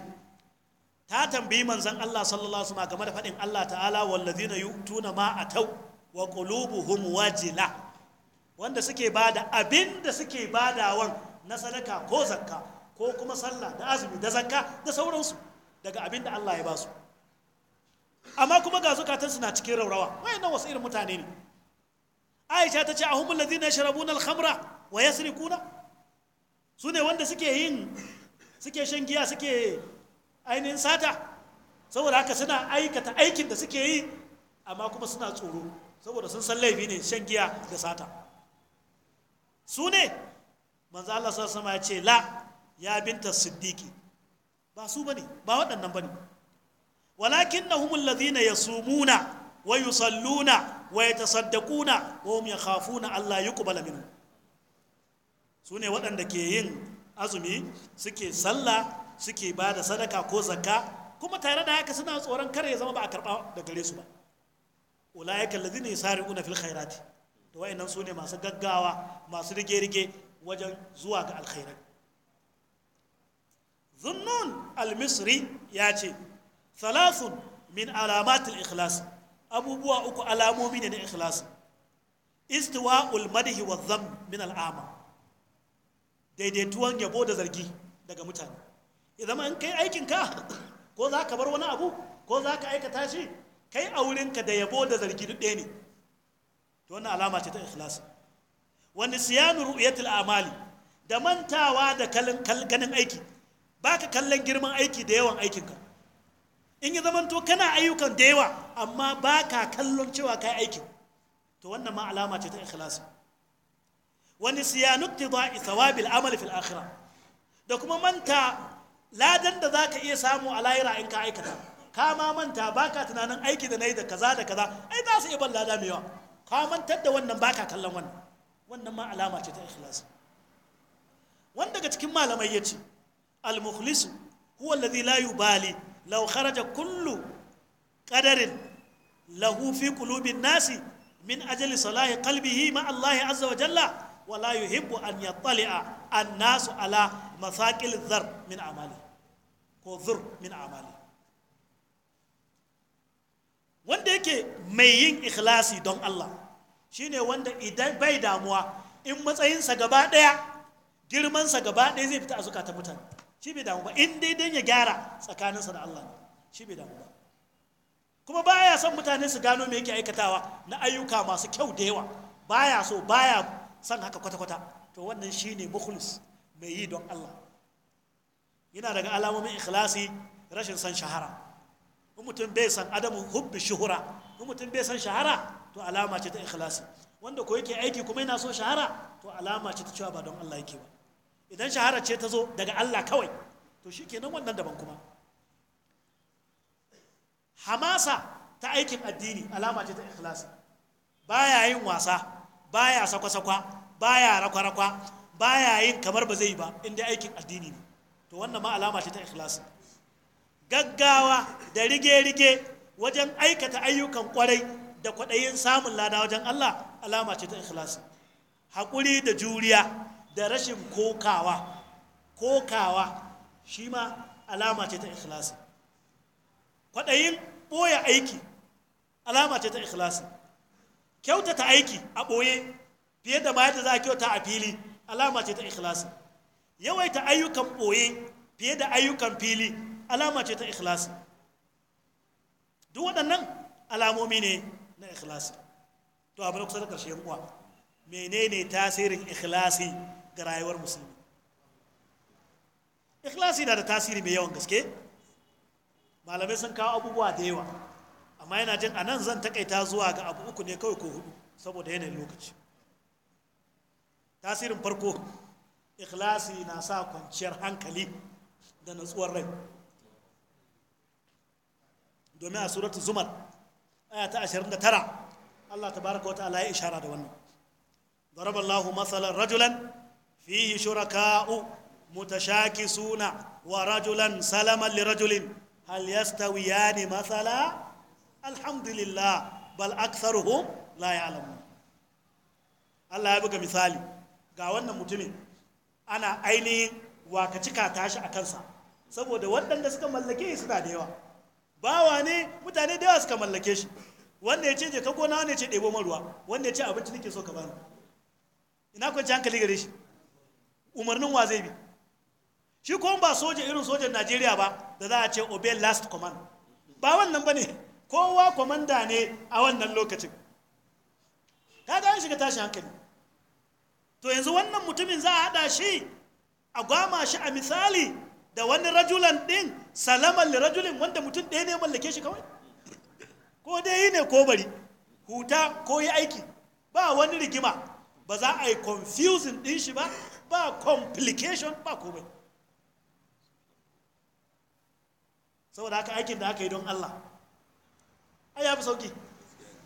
ta tambayi manzon Allah sallallahu alaihi wasallam game da fadin Allah ta'ala wallazina yu'tuna ma atau wa qulubuhum wajila wanda suke bada abinda suke badawan na sadaka ko zakka ko kuma sallah da azumi da zakka da sauransu daga abinda Allah ya ba su amma kuma ga zukatansu na cikin raurawa nan wasu irin mutane ne aisha ta ce a ladina yashrabuna al-khamra wa kuna su ne wanda suke yin suke shan giya suke ainihin sata saboda haka suna aikata aikin da suke yi amma kuma suna tsoro saboda sun san laifi ne shan giya da sata su ne manzo Allah sallallahu alaihi wasallam ya ce la ya binta siddiqi ba su bane ba waɗannan bane walakin walakinnahum alladhina yasumuna wa yusalluna wa yatasaddaquna ya hum na Allah yuqbala minhum sune waɗanda ke yin azumi suke sallah suke ba da sadaka ko zakka kuma tare da haka suna tsoron kare ya zama ba a karɓa da gare su ba ulaika alladhina yusari'una fil khairati to wayannan sune masu gaggawa masu rige-rige wajen zuwa ga alkhairai Zunun al-misri ya ce thalathun min alamatul ikhlas abubuwa uku alamomi ne na ikhlas istiwa'ul madhi wa dhamm min al'ama daidaituwan yabo da zargi daga mutane idan an kai aikin ko za ka bar wani abu ko za ka aikata shi kai a wurinka da yabo da zargi duk ɗaya ne to wannan alama ce ta ikhlas wani siyanu ru'yatul amali da mantawa da ganin aiki baka kallon girman aiki da yawan aikinka in ya zamanto kana ayyukan da yawa amma ba ka kallon cewa ka yi aikin to wannan ma alama ce ta ikhlasi wani siya nukti ba thawabil amali fil akhira da kuma manta ladan da zaka iya samu a layira in ka aikata ka ma manta baka tunanin aiki da na yi da kaza da kaza ai za su iya ban lada mai yawa ka mantar da wannan baka kallon wannan wannan ma alama ce ta ikhlasi wanda daga cikin malamai yace al-mukhlisu huwa alladhi la yubali law kharaja kullu ƙadarin lahufi kulubin nasi min ajali salahi qalbihi ma Allah azza wa jalla wala yuhibbu an yattali'a an-nasu ala masaqil dhar min amali ko dhur min amali wanda yake mai yin ikhlasi don Allah shine wanda idan bai damuwa in matsayinsa gaba ɗaya girmansa gaba ɗaya zai fita a zukatan mutane shi bai damu ba in dai dai ya gyara tsakaninsa da Allah ne shi bai damu ba kuma baya son mutane su gano me yake aikatawa na ayyuka masu kyau da yawa baya so baya son haka kwata-kwata to wannan ne mukhlis mai yi don Allah yana daga alamomin ikhlasi rashin san shahara in mutum bai san adamu hubbi shuhura in mutum bai san shahara to alama ce ta ikhlasi wanda ko yake aiki kuma yana so shahara to alama ce ta cewa ba don Allah yake ba idan shahara ce ta zo daga Allah kawai to shi kenan wannan daban kuma hamasa ta aikin addini alama ce ta ikhlasi baya yin wasa baya sakwasakwa. sakwa baya rakwa-rakwa baya yin kamar ba zai ba inda aikin addini ne to wannan ma alama ce ta ikhlasi gaggawa da rige-rige wajen aikata ayyukan kwarai da kwaɗayin samun lada wajen Allah alama ce ta ikhlasi haƙuri da juriya da rashin kokawa kokawa shi ma alama ce ta ikhlasi kwaɗayin ɓoye aiki alama ce ta ikhlasi kyautata aiki a ɓoye fiye da ma yadda za a kyauta a fili alama ce ta ikhlasi yawaita ayyukan ɓoye fiye da ayyukan fili alama ce ta ikhlasi duk waɗannan alamomi ne na ikhlasi to abu abin kusa da ƙarshen uwa menene tasirin ikhlasi ga rayuwar musulmi ikhlasi na da tasiri mai yawan gaske malamai sun kawo abubuwa da yawa amma yana jin a nan zan takaita zuwa ga abu uku ne kawai ko hudu saboda yanayin lokaci tasirin farko ikhlasi na sa kwanciyar hankali da natsuwar rai domin a suratu zumar aya ta 29 Allah baraka wata a ya ishara da wannan ضرب الله مثلا رجلا fihi shuraka'u mutashakisuna wa rajulan salaman li rajulin hal yastawiyani masala alhamdulillah bal aktharuhum la ya'lamun Allah ya buga misali ga wannan mutumin ana ainihin wakacika tashi a kansa saboda waɗanda suka mallake shi suna da yawa bawa mutane da yawa suka shi wanda ya ce je wanda ya ce ɗebo man ruwa wanda ya ce abinci nake so ka bani ina kwanci hankali gare shi umarnin wa zai bi shi ko ba soja irin sojan najeriya ba da za a ce obey last command ba wannan ba ne kowa kwamanda ne a wannan lokacin ta an shiga tashin hankali to yanzu wannan mutumin za a hada shi a gwama shi a misali da wani rajulan ɗin salaman rajulin wanda mutum ɗaya ne mallake shi kawai ko dai yi ne ko bari huta ko yi aiki ba wani rigima ba za a yi confusing din shi ba ba complication ba komai saboda haka aikin da aka yi don Allah ai ya fi sauki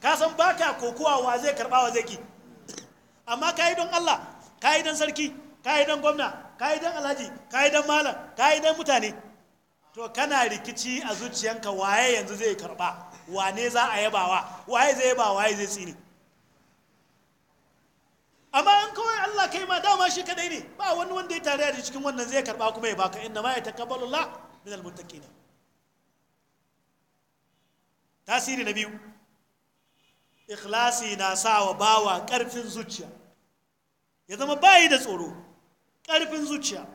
ka san ba ka kokowa wa zai karɓa wa zai ki amma ka yi don Allah ka yi don sarki ka yi don gwamna ka yi don alhaji ka yi don malam ka yi don mutane to kana rikici a zuciyanka waye yanzu zai karɓa wane za a yabawa waye zai yaba waye zai tsini amma in kawai Allah kai ma dama shi kadai ne ba wani wanda ya tare da cikin wannan zai karba kuma ya baka inna ma ya takabbalu Allah min almuttaqin tasiri na biyu ikhlasi na sawa bawa karfin zuciya ya zama bayi da tsoro karfin zuciya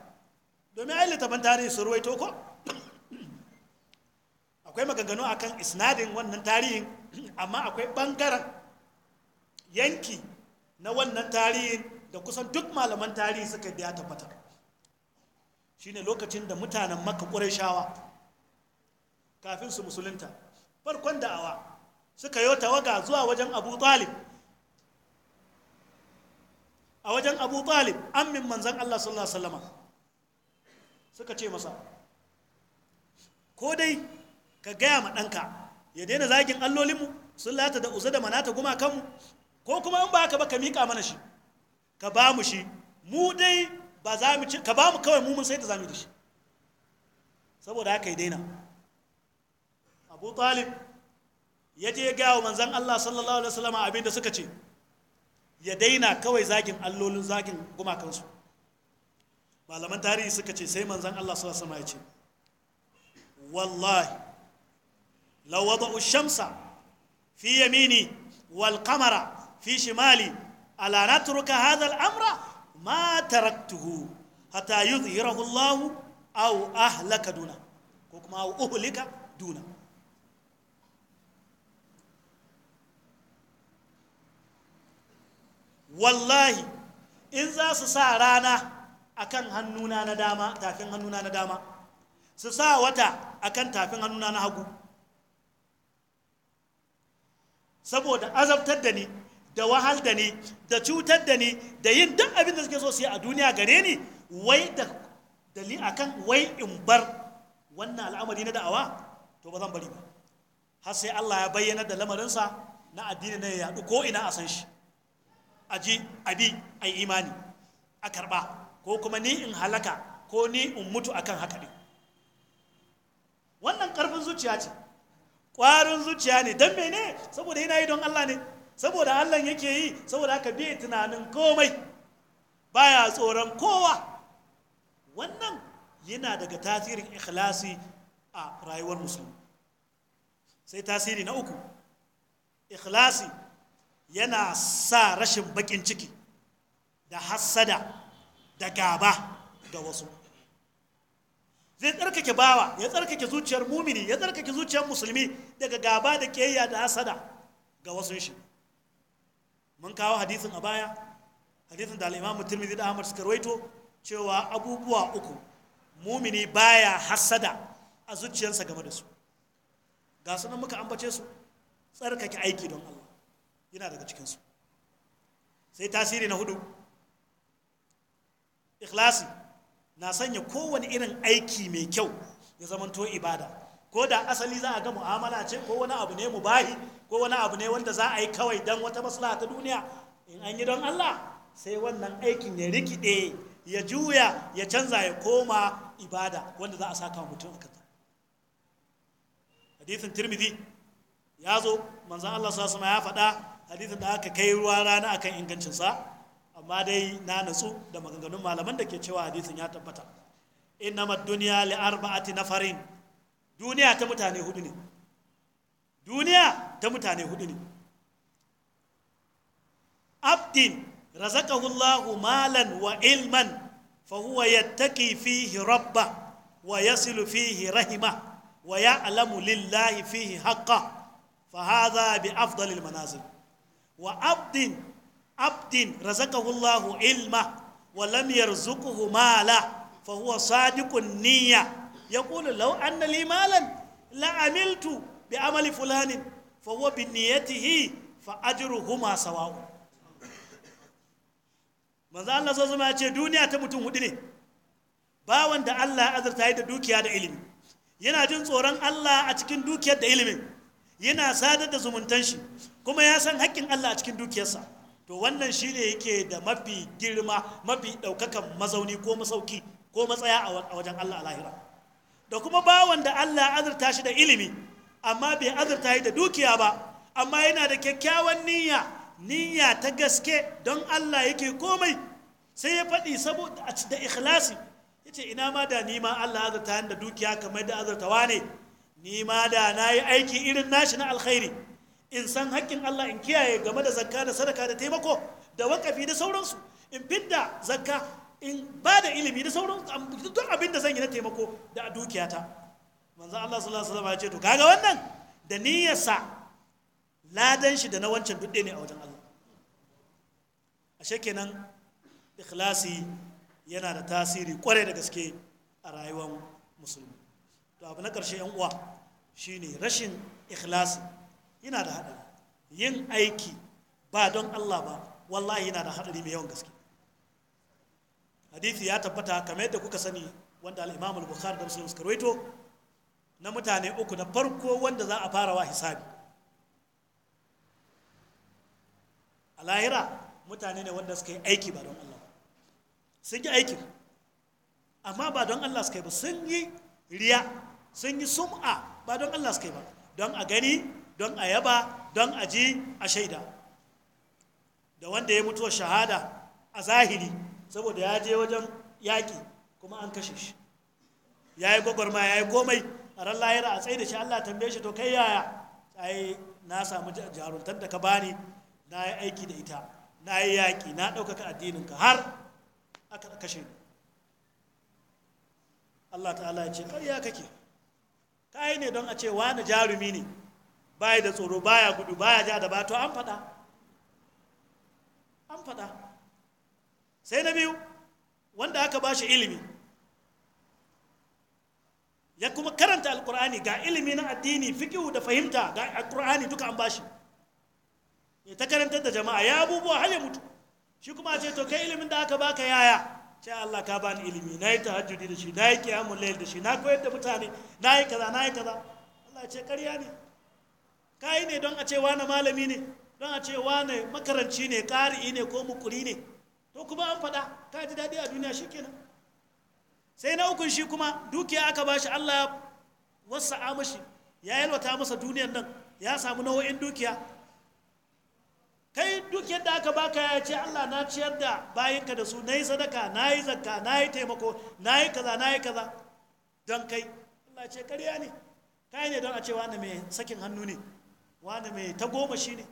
domin ai littafin tarihi su ruwaito ko akwai maganganu akan isnadin wannan tarihin amma akwai bangaren yanki na wannan tarihi da kusan duk malaman tarihi suka biya tabbata shine lokacin da mutanen maka shawa kafin su musulunta farkon da'awa suka yi tawaga zuwa wajen abu talib a wajen abu talib ammin manzan allah sallallahu alaihi wasallama suka ce masa ko dai ka gaya ma ɗanka ya daina zagin allolinmu sun lata da uza da manata gumakanmu ko kuma in ba ka ba ka miƙa mana shi ka ba mu shi mu dai ba za mu ci ka ba mu kawai mu mun sai da za mu da shi saboda haka ya daina abu talib ya je ya gaya wa manzan allah sallallahu alaihi wasallam abin da suka ce ya daina kawai zagin allolin zagin gumakansu malaman tarihi suka ce sai manzan allah sallallahu alaihi wasallam ya ce wallahi لو وضعوا الشمس في يميني والقمر fi shimali ala amra ma taraktuhu ahlaka duna ko kuma duna wallahi in za su sa rana akan hannuna na dama tafin hannuna na dama su sa wata akan tafin hannuna na hagu saboda azabtar da ni da wahal da ni da cutar da ni da yin duk abin da suke so su yi a duniya gare ni wai da dali akan wai in bar wannan al'amari na da'awa to ba zan bari ba har sai Allah ya bayyana da lamarinsa na addini na ya yaɗu ko ina a san shi a ji abi a imani a karɓa ko kuma ni in halaka ko ni in mutu akan haka ne wannan ƙarfin zuciya ce ƙwarin zuciya ne don mene saboda ina yi don Allah ne saboda Allah yake yi saboda haka bai tunanin komai baya tsoron kowa wannan yana daga tasirin ikhlasi a rayuwar musulmi sai tasiri na uku ikhlasi yana sa rashin bakin ciki da hassada da gaba da wasu zai tsarkake bawa ya tsarkake zuciyar mumini ya tsarkake zuciyar musulmi daga gaba da keya da hasada ga wasu shi mun kawo hadisin a baya hadisin da al'imamu tirmidhi da ahmad suka rawaito cewa abubuwa uku mumini baya hasada a zuciyarsa game da su ga sunan muka ambace su tsarkake aiki don Allah yana daga cikinsu sai tasiri na hudu ikhlasi na sanya kowane irin aiki mai kyau ya zamanto ibada ko da asali za a ga mu'amala ce ko wani abu ne mubahi ko wani abu ne wanda za a yi kawai don wata maslaha ta duniya in an yi don Allah sai wannan aikin ya rikide ya juya ya canza ya koma ibada wanda za a saka mutum akan hadisin tirmidhi ya zo manzan Allah sa sama ya faɗa hadisin da aka kai ruwa rana akan ingancinsa amma dai na natsu da maganganun malaman da ke cewa hadisin ya tabbata innama dunya li arba'ati nafarin duniya ta mutane hudu ne duniya ta mutane hudu ne abdin razaqahullahu malan wa ilman fahuwa huwa yattaqi fihi rabba wa yasilu fihi rahima wa alamu lillahi fihi haqqa fa bi afdalil manazil wa abdin abdin razaqahullahu ilma wa lam yarzuqhu mala fa huwa sadiqun niyya Ya law anna li malan la amiltu bi amali fulanin fa huwa niyyatihi fa Allah so zama ce duniya ta mutum hudu ne bawan da Allah ya azurta yi da dukiya da ilimi yana jin tsoron Allah a cikin dukiyar da ilimin yana sadar da zumuntan shi kuma ya san haƙƙin Allah a cikin dukiyarsa to wannan shine yake da mafi girma mafi ɗaukakan mazauni ko masauki ko matsaya a wajen Allah a lahira da kuma bawan da Allah azurta shi da ilimi amma bai azurta shi da dukiya ba amma yana da kyakkyawan niyya niyya ta gaske don Allah yake komai sai ya faɗi saboda da ikhlasi yace ina ma da ni ma Allah azurta da dukiya kamar da azurtawa ne ni ma da na yi aiki irin nashi na alkhairi in san haƙƙin Allah in kiyaye game da zakka da sadaka da taimako da wakafi da sauransu in fidda zakka in ba da ilimi da sauran duk abin da zan yi na taimako da dukiyata manzo Allah sallallahu alaihi wasallam ya ce to kaga wannan da niyyarsa ladan shi da na wancan duk ne a wajen Allah ashe kenan ikhlasi yana da tasiri kware da gaske a rayuwar musulmi to abu na ƙarshe yan uwa shine rashin ikhlasi yana da haɗari yin aiki ba don Allah ba wallahi yana da haɗari mai yawan gaske hadithi ya tabbata kamar yadda kuka sani wanda al-imam al-bukhari da muslim suka rawaito na mutane uku na farko wanda za a fara wa hisabi a lahira mutane ne wanda suka yi aiki ba don Allah sun yi aiki amma ba don Allah suka yi ba sun yi riya sun yi sum'a ba don Allah suka yi ba don a gani don a yaba don a ji a shaida da wanda ya mutuwa shahada a zahiri saboda ya je wajen yaƙi kuma an kashe shi ya yi gwagwarma ya yi komai a ran lahira a tsaye da shi allah tambaye shi to kai yaya ai na samu jaruntar da ka bani na yi aiki da ita na yi yaƙi na ɗaukaka addininka har aka kashe ni allah ta'ala ya ce ƙarya kake ka yi ne don a ce wani jarumi ne baya da tsoro baya gudu baya ja da ba to an faɗa an faɗa sai na biyu wanda aka ba shi ilimi ya kuma karanta alkur'ani ga ilimi na addini fikihu da fahimta ga alkur'ani duka an shi ya ta karanta da jama'a ya abubuwa har ya mutu shi kuma ce to kai ilimin da aka baka yaya ce Allah ka bani ilimi na yi ta hajjudi da shi na yi kiyamun layl da shi na koyar da mutane na yi kaza na yi kaza Allah ce karya ne ka yi ne don a ce na malami ne don a ce na makaranci ne ƙari'i ne ko mukuri ne ko kuma an faɗa ka ji daɗi a duniya kenan sai na ukun shi kuma dukiya aka shi Allah ya wasa mashi ya yalwata masa duniyar nan ya samu nau'in dukiya kai dukiyar da aka baka ya ce Allah na ciyar da bayinka da su na yi sadaka na yi zakka na yi taimako na yi kaza na yi kaza don kai Allah ce karya ne kai ne don a ce wani mai sakin hannu ne wani mai tagomashi ne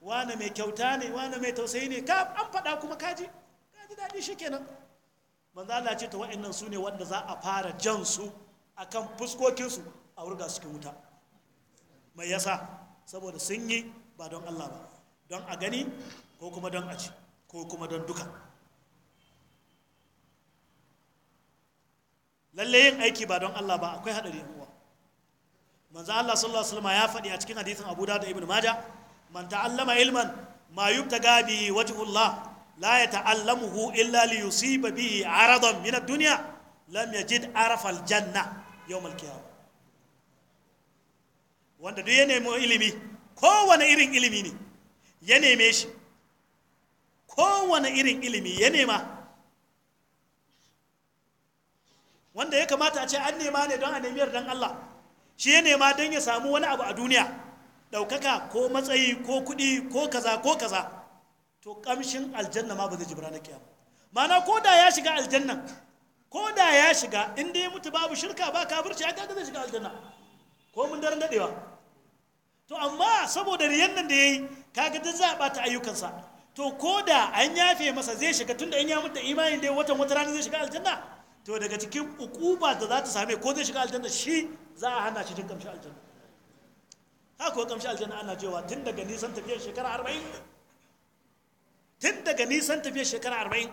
wani mai kyauta ne wani mai tausayi ne ka an faɗa kuma kaji daɗi shi kenan manzo Allah ce ta wa'annan su ne wanda za a fara jan su akan fuskokinsu a wurga su wuta mai yasa saboda sun yi ba don Allah ba don a gani ko kuma don a ci ko kuma don duka lalle yin aiki ba don Allah ba akwai haɗari uwa manzo Allah sallallahu alaihi wasallam ya faɗi a cikin hadisin Abu Dawud da Ibn Majah man ta'allama ilman ma yubtaga bi wajhullah la yata'allamuhu illa li yusiba bihi aradan min ad-dunya lam yajid arafal janna yawm al-qiyamah wanda duk ya nemo ilimi kowane irin ilimi ya neme shi irin ilimi ya nema wanda ya kamata a ce an nema ne don a nemi yardan Allah shi ya nema don ya samu wani abu a duniya ɗaukaka ko matsayi ko kuɗi ko kaza ko kaza to kamshin aljanna ma ba zai jibra na kiyama ma'ana ko da ya shiga aljanna ko da ya shiga in dai mutu babu shirka ba kafirci ya kaga zai shiga aljanna ko mun daren dadewa to amma saboda riyan nan da yayi kaga da zaba ta ayyukansa to ko da an yafe masa zai shiga tunda an ya mutu imani dai watan wata rana zai shiga aljanna to daga cikin ukuba da za ta same ko zai shiga aljanna shi za a hana shi jin kamshin aljanna haka ko kamshi aljanna ana cewa tun daga nisan tafiyar shekara arba'in tun daga nisan tafiya shekara arba'in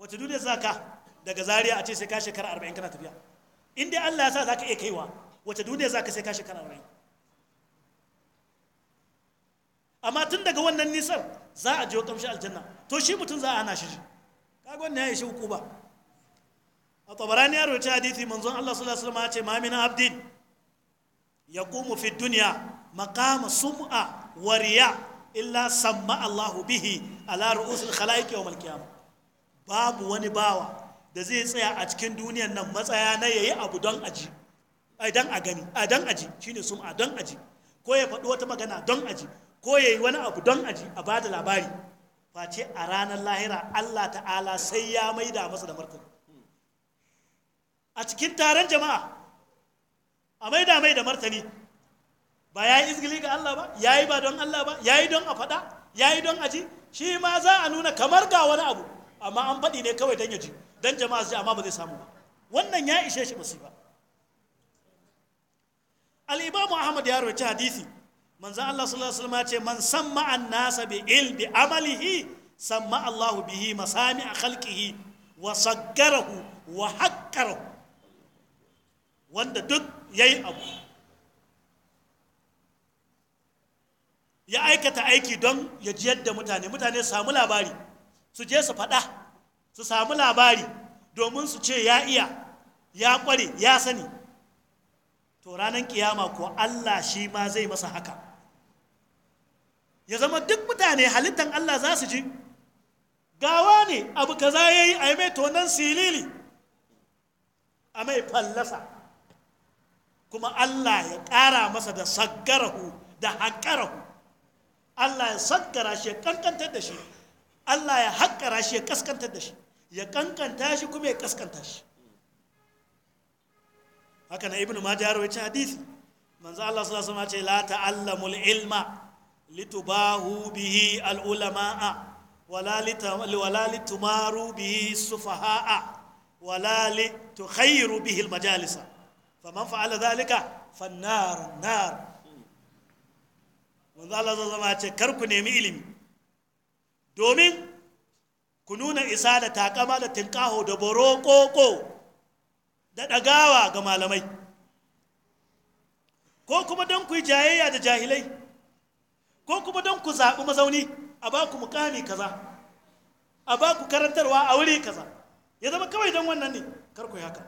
wata duniya za ka daga Zariya a ce sai ka shekara arba'in kana tafiya in allah ya sa za ka iya kaiwa wata duniya za ka sai ka shekara arba'in amma tun daga wannan nisan za a jiwo kamshi aljanna to shi mutum za a hana shi Ka ga wannan ya yi shi hukuma a tabarani ya roci hadithi manzon allah sallallahu alaihi wasallam ya ce mamina abdin ya kumu fi duniya maqama sum'a wa riya' illa samma Allahu bihi ala ru'usul khalaiq al qiyamah babu wani bawa da zai tsaya a cikin duniyar nan matsaya na yayi abu don aji ai dan a gani a dan aji shine sum a don aji ko ya faɗi wata magana don aji ko yayi wani abu don aji a bada labari face a ranar lahira Allah ta'ala sai ya maida masa da martani a cikin taron jama'a a maida mai da martani ba ya yi izgili ga Allah ba ya yi ba don Allah ba ya yi don a faɗa ya yi don a ji shi ma za a nuna kamar ga wani abu amma an faɗi ne kawai don ya ji don jama'a su ji amma ba zai samu ba wannan ya ishe shi musiba al-imamu ahmad ya rawaita hadisi manzo Allah sallallahu alaihi wasallam ya ce man samma an-nasa bi il amalihi samma Allahu bihi masami khalqihi wa saggarahu wa haqqarahu wanda duk yayi abu ya aikata aiki don ya ji yadda mutane mutane samu labari su je su faɗa su samu labari domin su ce ya iya ya ƙware ya sani to ranar kiyama ko Allah shi ma zai masa haka ya zama duk mutane halittan Allah za su ji gawa ne abu kaza ya yi a mai tonon silili a mai fallasa kuma Allah ya ƙara masa da saggarahu da haƙarahu Allah ya sakkara shi ya kankantar da shi Allah ya haƙara shi ya kaskantar da shi ya kankanta shi kuma ya kaskanta shi haka na ibnu majah rawaita hadisi manzo Allah sallallahu alaihi wasallam ce la ta'allamul ilma litubahu bihi al ulama'a wala litumaru bihi sufaha'a wala litukhayru bihi al majalisa faman fa'ala dhalika nar nar manzo Allah zai zama ce kar ku nemi ilimi domin ku nuna isa da takama da tinkaho da borokoko da ɗagawa ga malamai ko kuma don ku yi jayayya da jahilai ko kuma don ku zaɓi mazauni a ba ku mukami kaza a ba ku karantarwa a wuri kaza ya zama kawai don wannan ne kar ku yi haka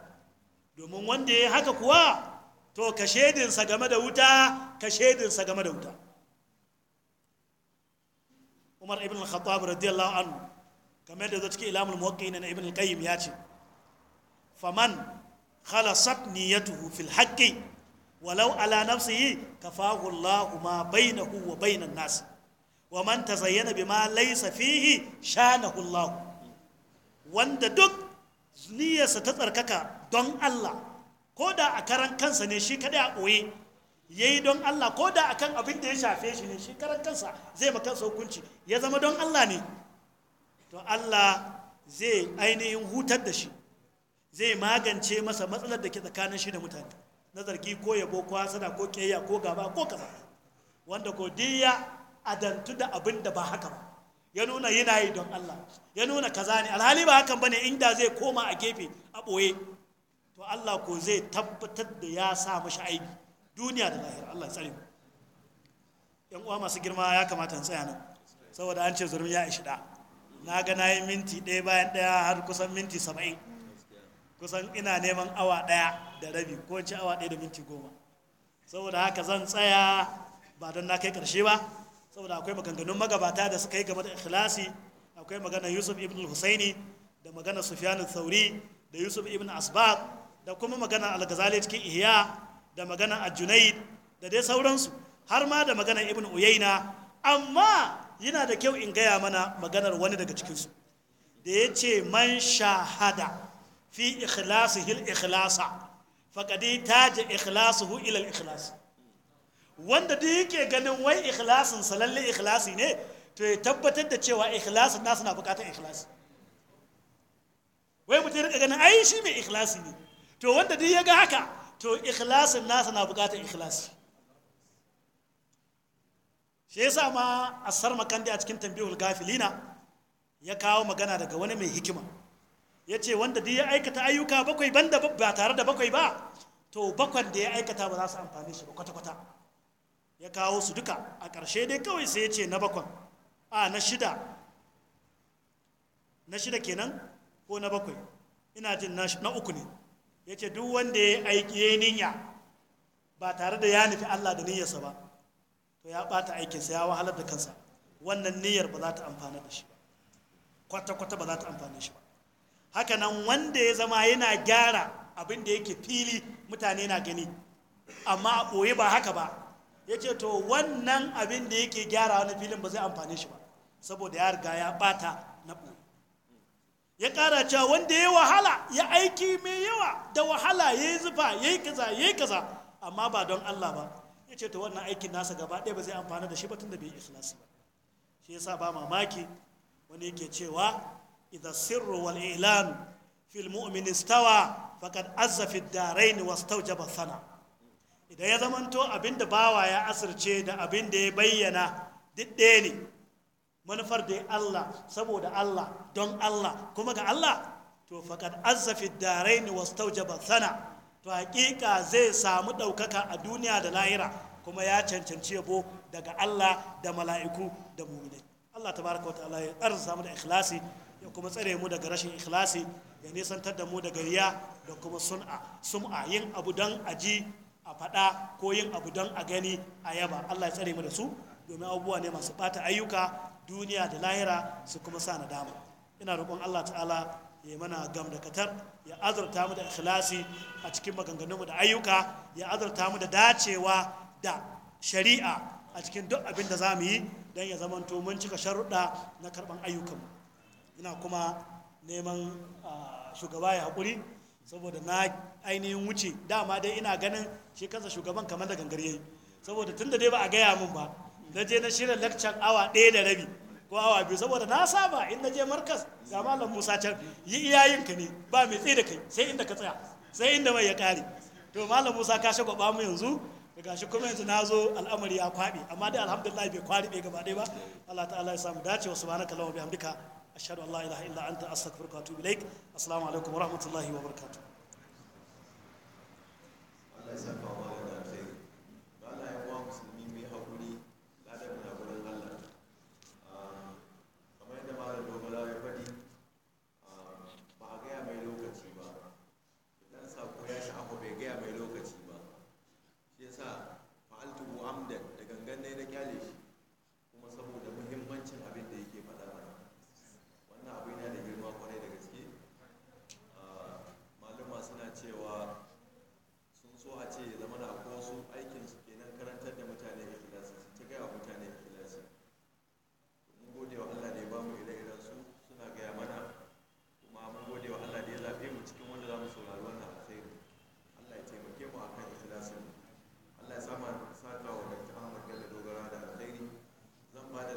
domin wanda ya haka kuwa to ka shedinsa game da wuta ka shedinsa game da wuta umar ibn al-khattab radiyallahu anhu kamar da zo cikin ilamul muwaqqi'in na ibn al-qayyim ya ce faman khalasat niyyatuhu fil haqqi walau ala nafsihi kafahu Allah ma bainahu wa bainan nas wa man tazayyana bima laysa fihi shanahu Allah wanda duk niyyarsa ta tsarkaka don Allah ko da a karan kansa ne shi kadai a ɓoye ya yi don Allah ko da akan abin da ya shafe shi ne shi kansa zai ma kansa hukunci ya zama don Allah ne to Allah zai ainihin hutar da shi zai magance masa matsalar da ke tsakanin shi da mutane na zargi ko yabo ko hasada ko ƙeya ko gaba ko kaza wanda ko diya adantu da abin da ba haka ba ya nuna yana yi don Allah ya nuna kaza ne alhali ba hakan bane inda zai koma a gefe a ɓoye to Allah ko zai tabbatar da ya sa mashi aiki duniya da lahira Allah ya tsare mu yan uwa masu girma ya kamata in tsaya nan saboda an ce zurum ya ishi da na ga na yi minti ɗaya bayan ɗaya har kusan minti saba'in kusan ina neman awa ɗaya da rabi ko ce awa ɗaya da minti goma saboda haka zan tsaya ba don na kai ƙarshe ba saboda akwai maganganun magabata da suka yi game da ikhlasi akwai magana yusuf ibn husaini da magana sufyan thauri da yusuf ibn asbaq da kuma magana al-ghazali cikin ihya da magana a junaid da dai sauransu har ma da magana ibn uyaina amma yana da kyau in gaya mana maganar wani daga cikinsu da ya ce man shahada fi hil ikhlasa faƙadi ta je ikhlasuhu ilal ikhlasi wanda duk yake ganin wai ikhlasin sa lalle ikhlasi ne to ya tabbatar da cewa ikhlasin nasu na buƙatar ikhlasi wai mutum ya ganin ai shi mai ikhlasi ne to wanda duk ya ga haka to ikhlasin nasa na bukatar ikhlasi shi yasa ma asar makandi a cikin tambihul gafilina ya kawo magana daga wani mai hikima ya ce wanda duk ya aikata ayyuka bakwai da ba tare da bakwai ba to bakwan da ya aikata ba za su amfani shi ba kwata-kwata ya kawo su duka a ƙarshe dai kawai sai ya ce na bakwan a na shida na shida kenan ko na bakwai ina jin na uku ne ya ce duk wanda ya aiki ya niyya ba tare da ya nufi Allah da niyyarsa ba to ya ɓata aikinsa ya wahalar da kansa wannan niyyar ba za ta amfana da shi ba kwata-kwata ba za ta amfana shi ba haka nan wanda ya zama yana gyara abin da yake fili mutane na gani amma a ɓoye ba haka ba ya ce to wannan abin da yake gyara wani filin ba zai amfane shi ba saboda ya riga ya ɓata ya ƙara cewa wanda ya wahala ya aiki mai yawa da wahala ya yi zufa ya yi kaza ya yi kaza amma ba don Allah ba ya ce wannan aikin nasa gaba ɗaya ba zai amfana da shi ba tun da bai ikhlasi ba shi yasa ba mamaki wani yake cewa idza sirru wal ilan fil mu'min istawa faqad azza fi darain wastawjaba sana idan ya zamanto abinda bawa ya asirce da abinda ya bayyana duk ɗaya ne manufar da Allah saboda Allah don Allah kuma ga Allah to faqad azza fi daraini wastaujaba sana to hakika zai samu ɗaukaka a duniya da lahira kuma ya cancanci yabo daga Allah da mala'iku da mu'minai Allah tabaraka wataala ya arzuta mu da ikhlasi ya kuma tsare mu daga rashin ikhlasi ya nisantar da mu daga riya da kuma sun'a sum'a yin abu don aji a faɗa ko yin abu don a gani a yaba Allah ya tsare mu da su domin abubuwa ne masu ɓata ayyuka duniya da lahira su kuma sa nadama ina roƙon Allah ta'ala ya mana gam da katar ya azurta mu da ikhlasi a cikin maganganunmu da ayyuka ya azurta mu da dacewa da shari'a a cikin duk abin da za mu yi don ya zamanto mun cika sharuɗa na karɓar ayyukanmu ina kuma neman shugaba ya haƙuri saboda na ainihin wuce dama dai ina ganin shi kansa shugaban kamar da gangare saboda tun da dai ba a gaya mun ba na je na shirin lakcan awa ɗaya da rabi ko awa biyu saboda na saba in na je markas ga malam musa can yi iyayen ka ne ba mai tsaye da kai sai inda ka tsaya sai inda mai ya kare to malam musa ka shi mu yanzu daga shi kuma yanzu na zo al'amari ya kwaɓe amma dai alhamdulillah bai ɗaya gaba ɗaya ba allah ta'ala ya samu dace wa subhanaka kalama bai ashhadu an la ilaha illa anta astaghfiruka wa atubu ilaik assalamu alaikum wa rahmatullahi wa barakatuh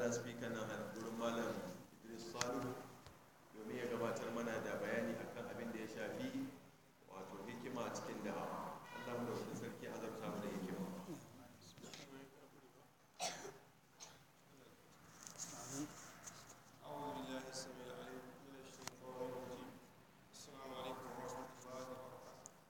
Azmi kana Guru Malam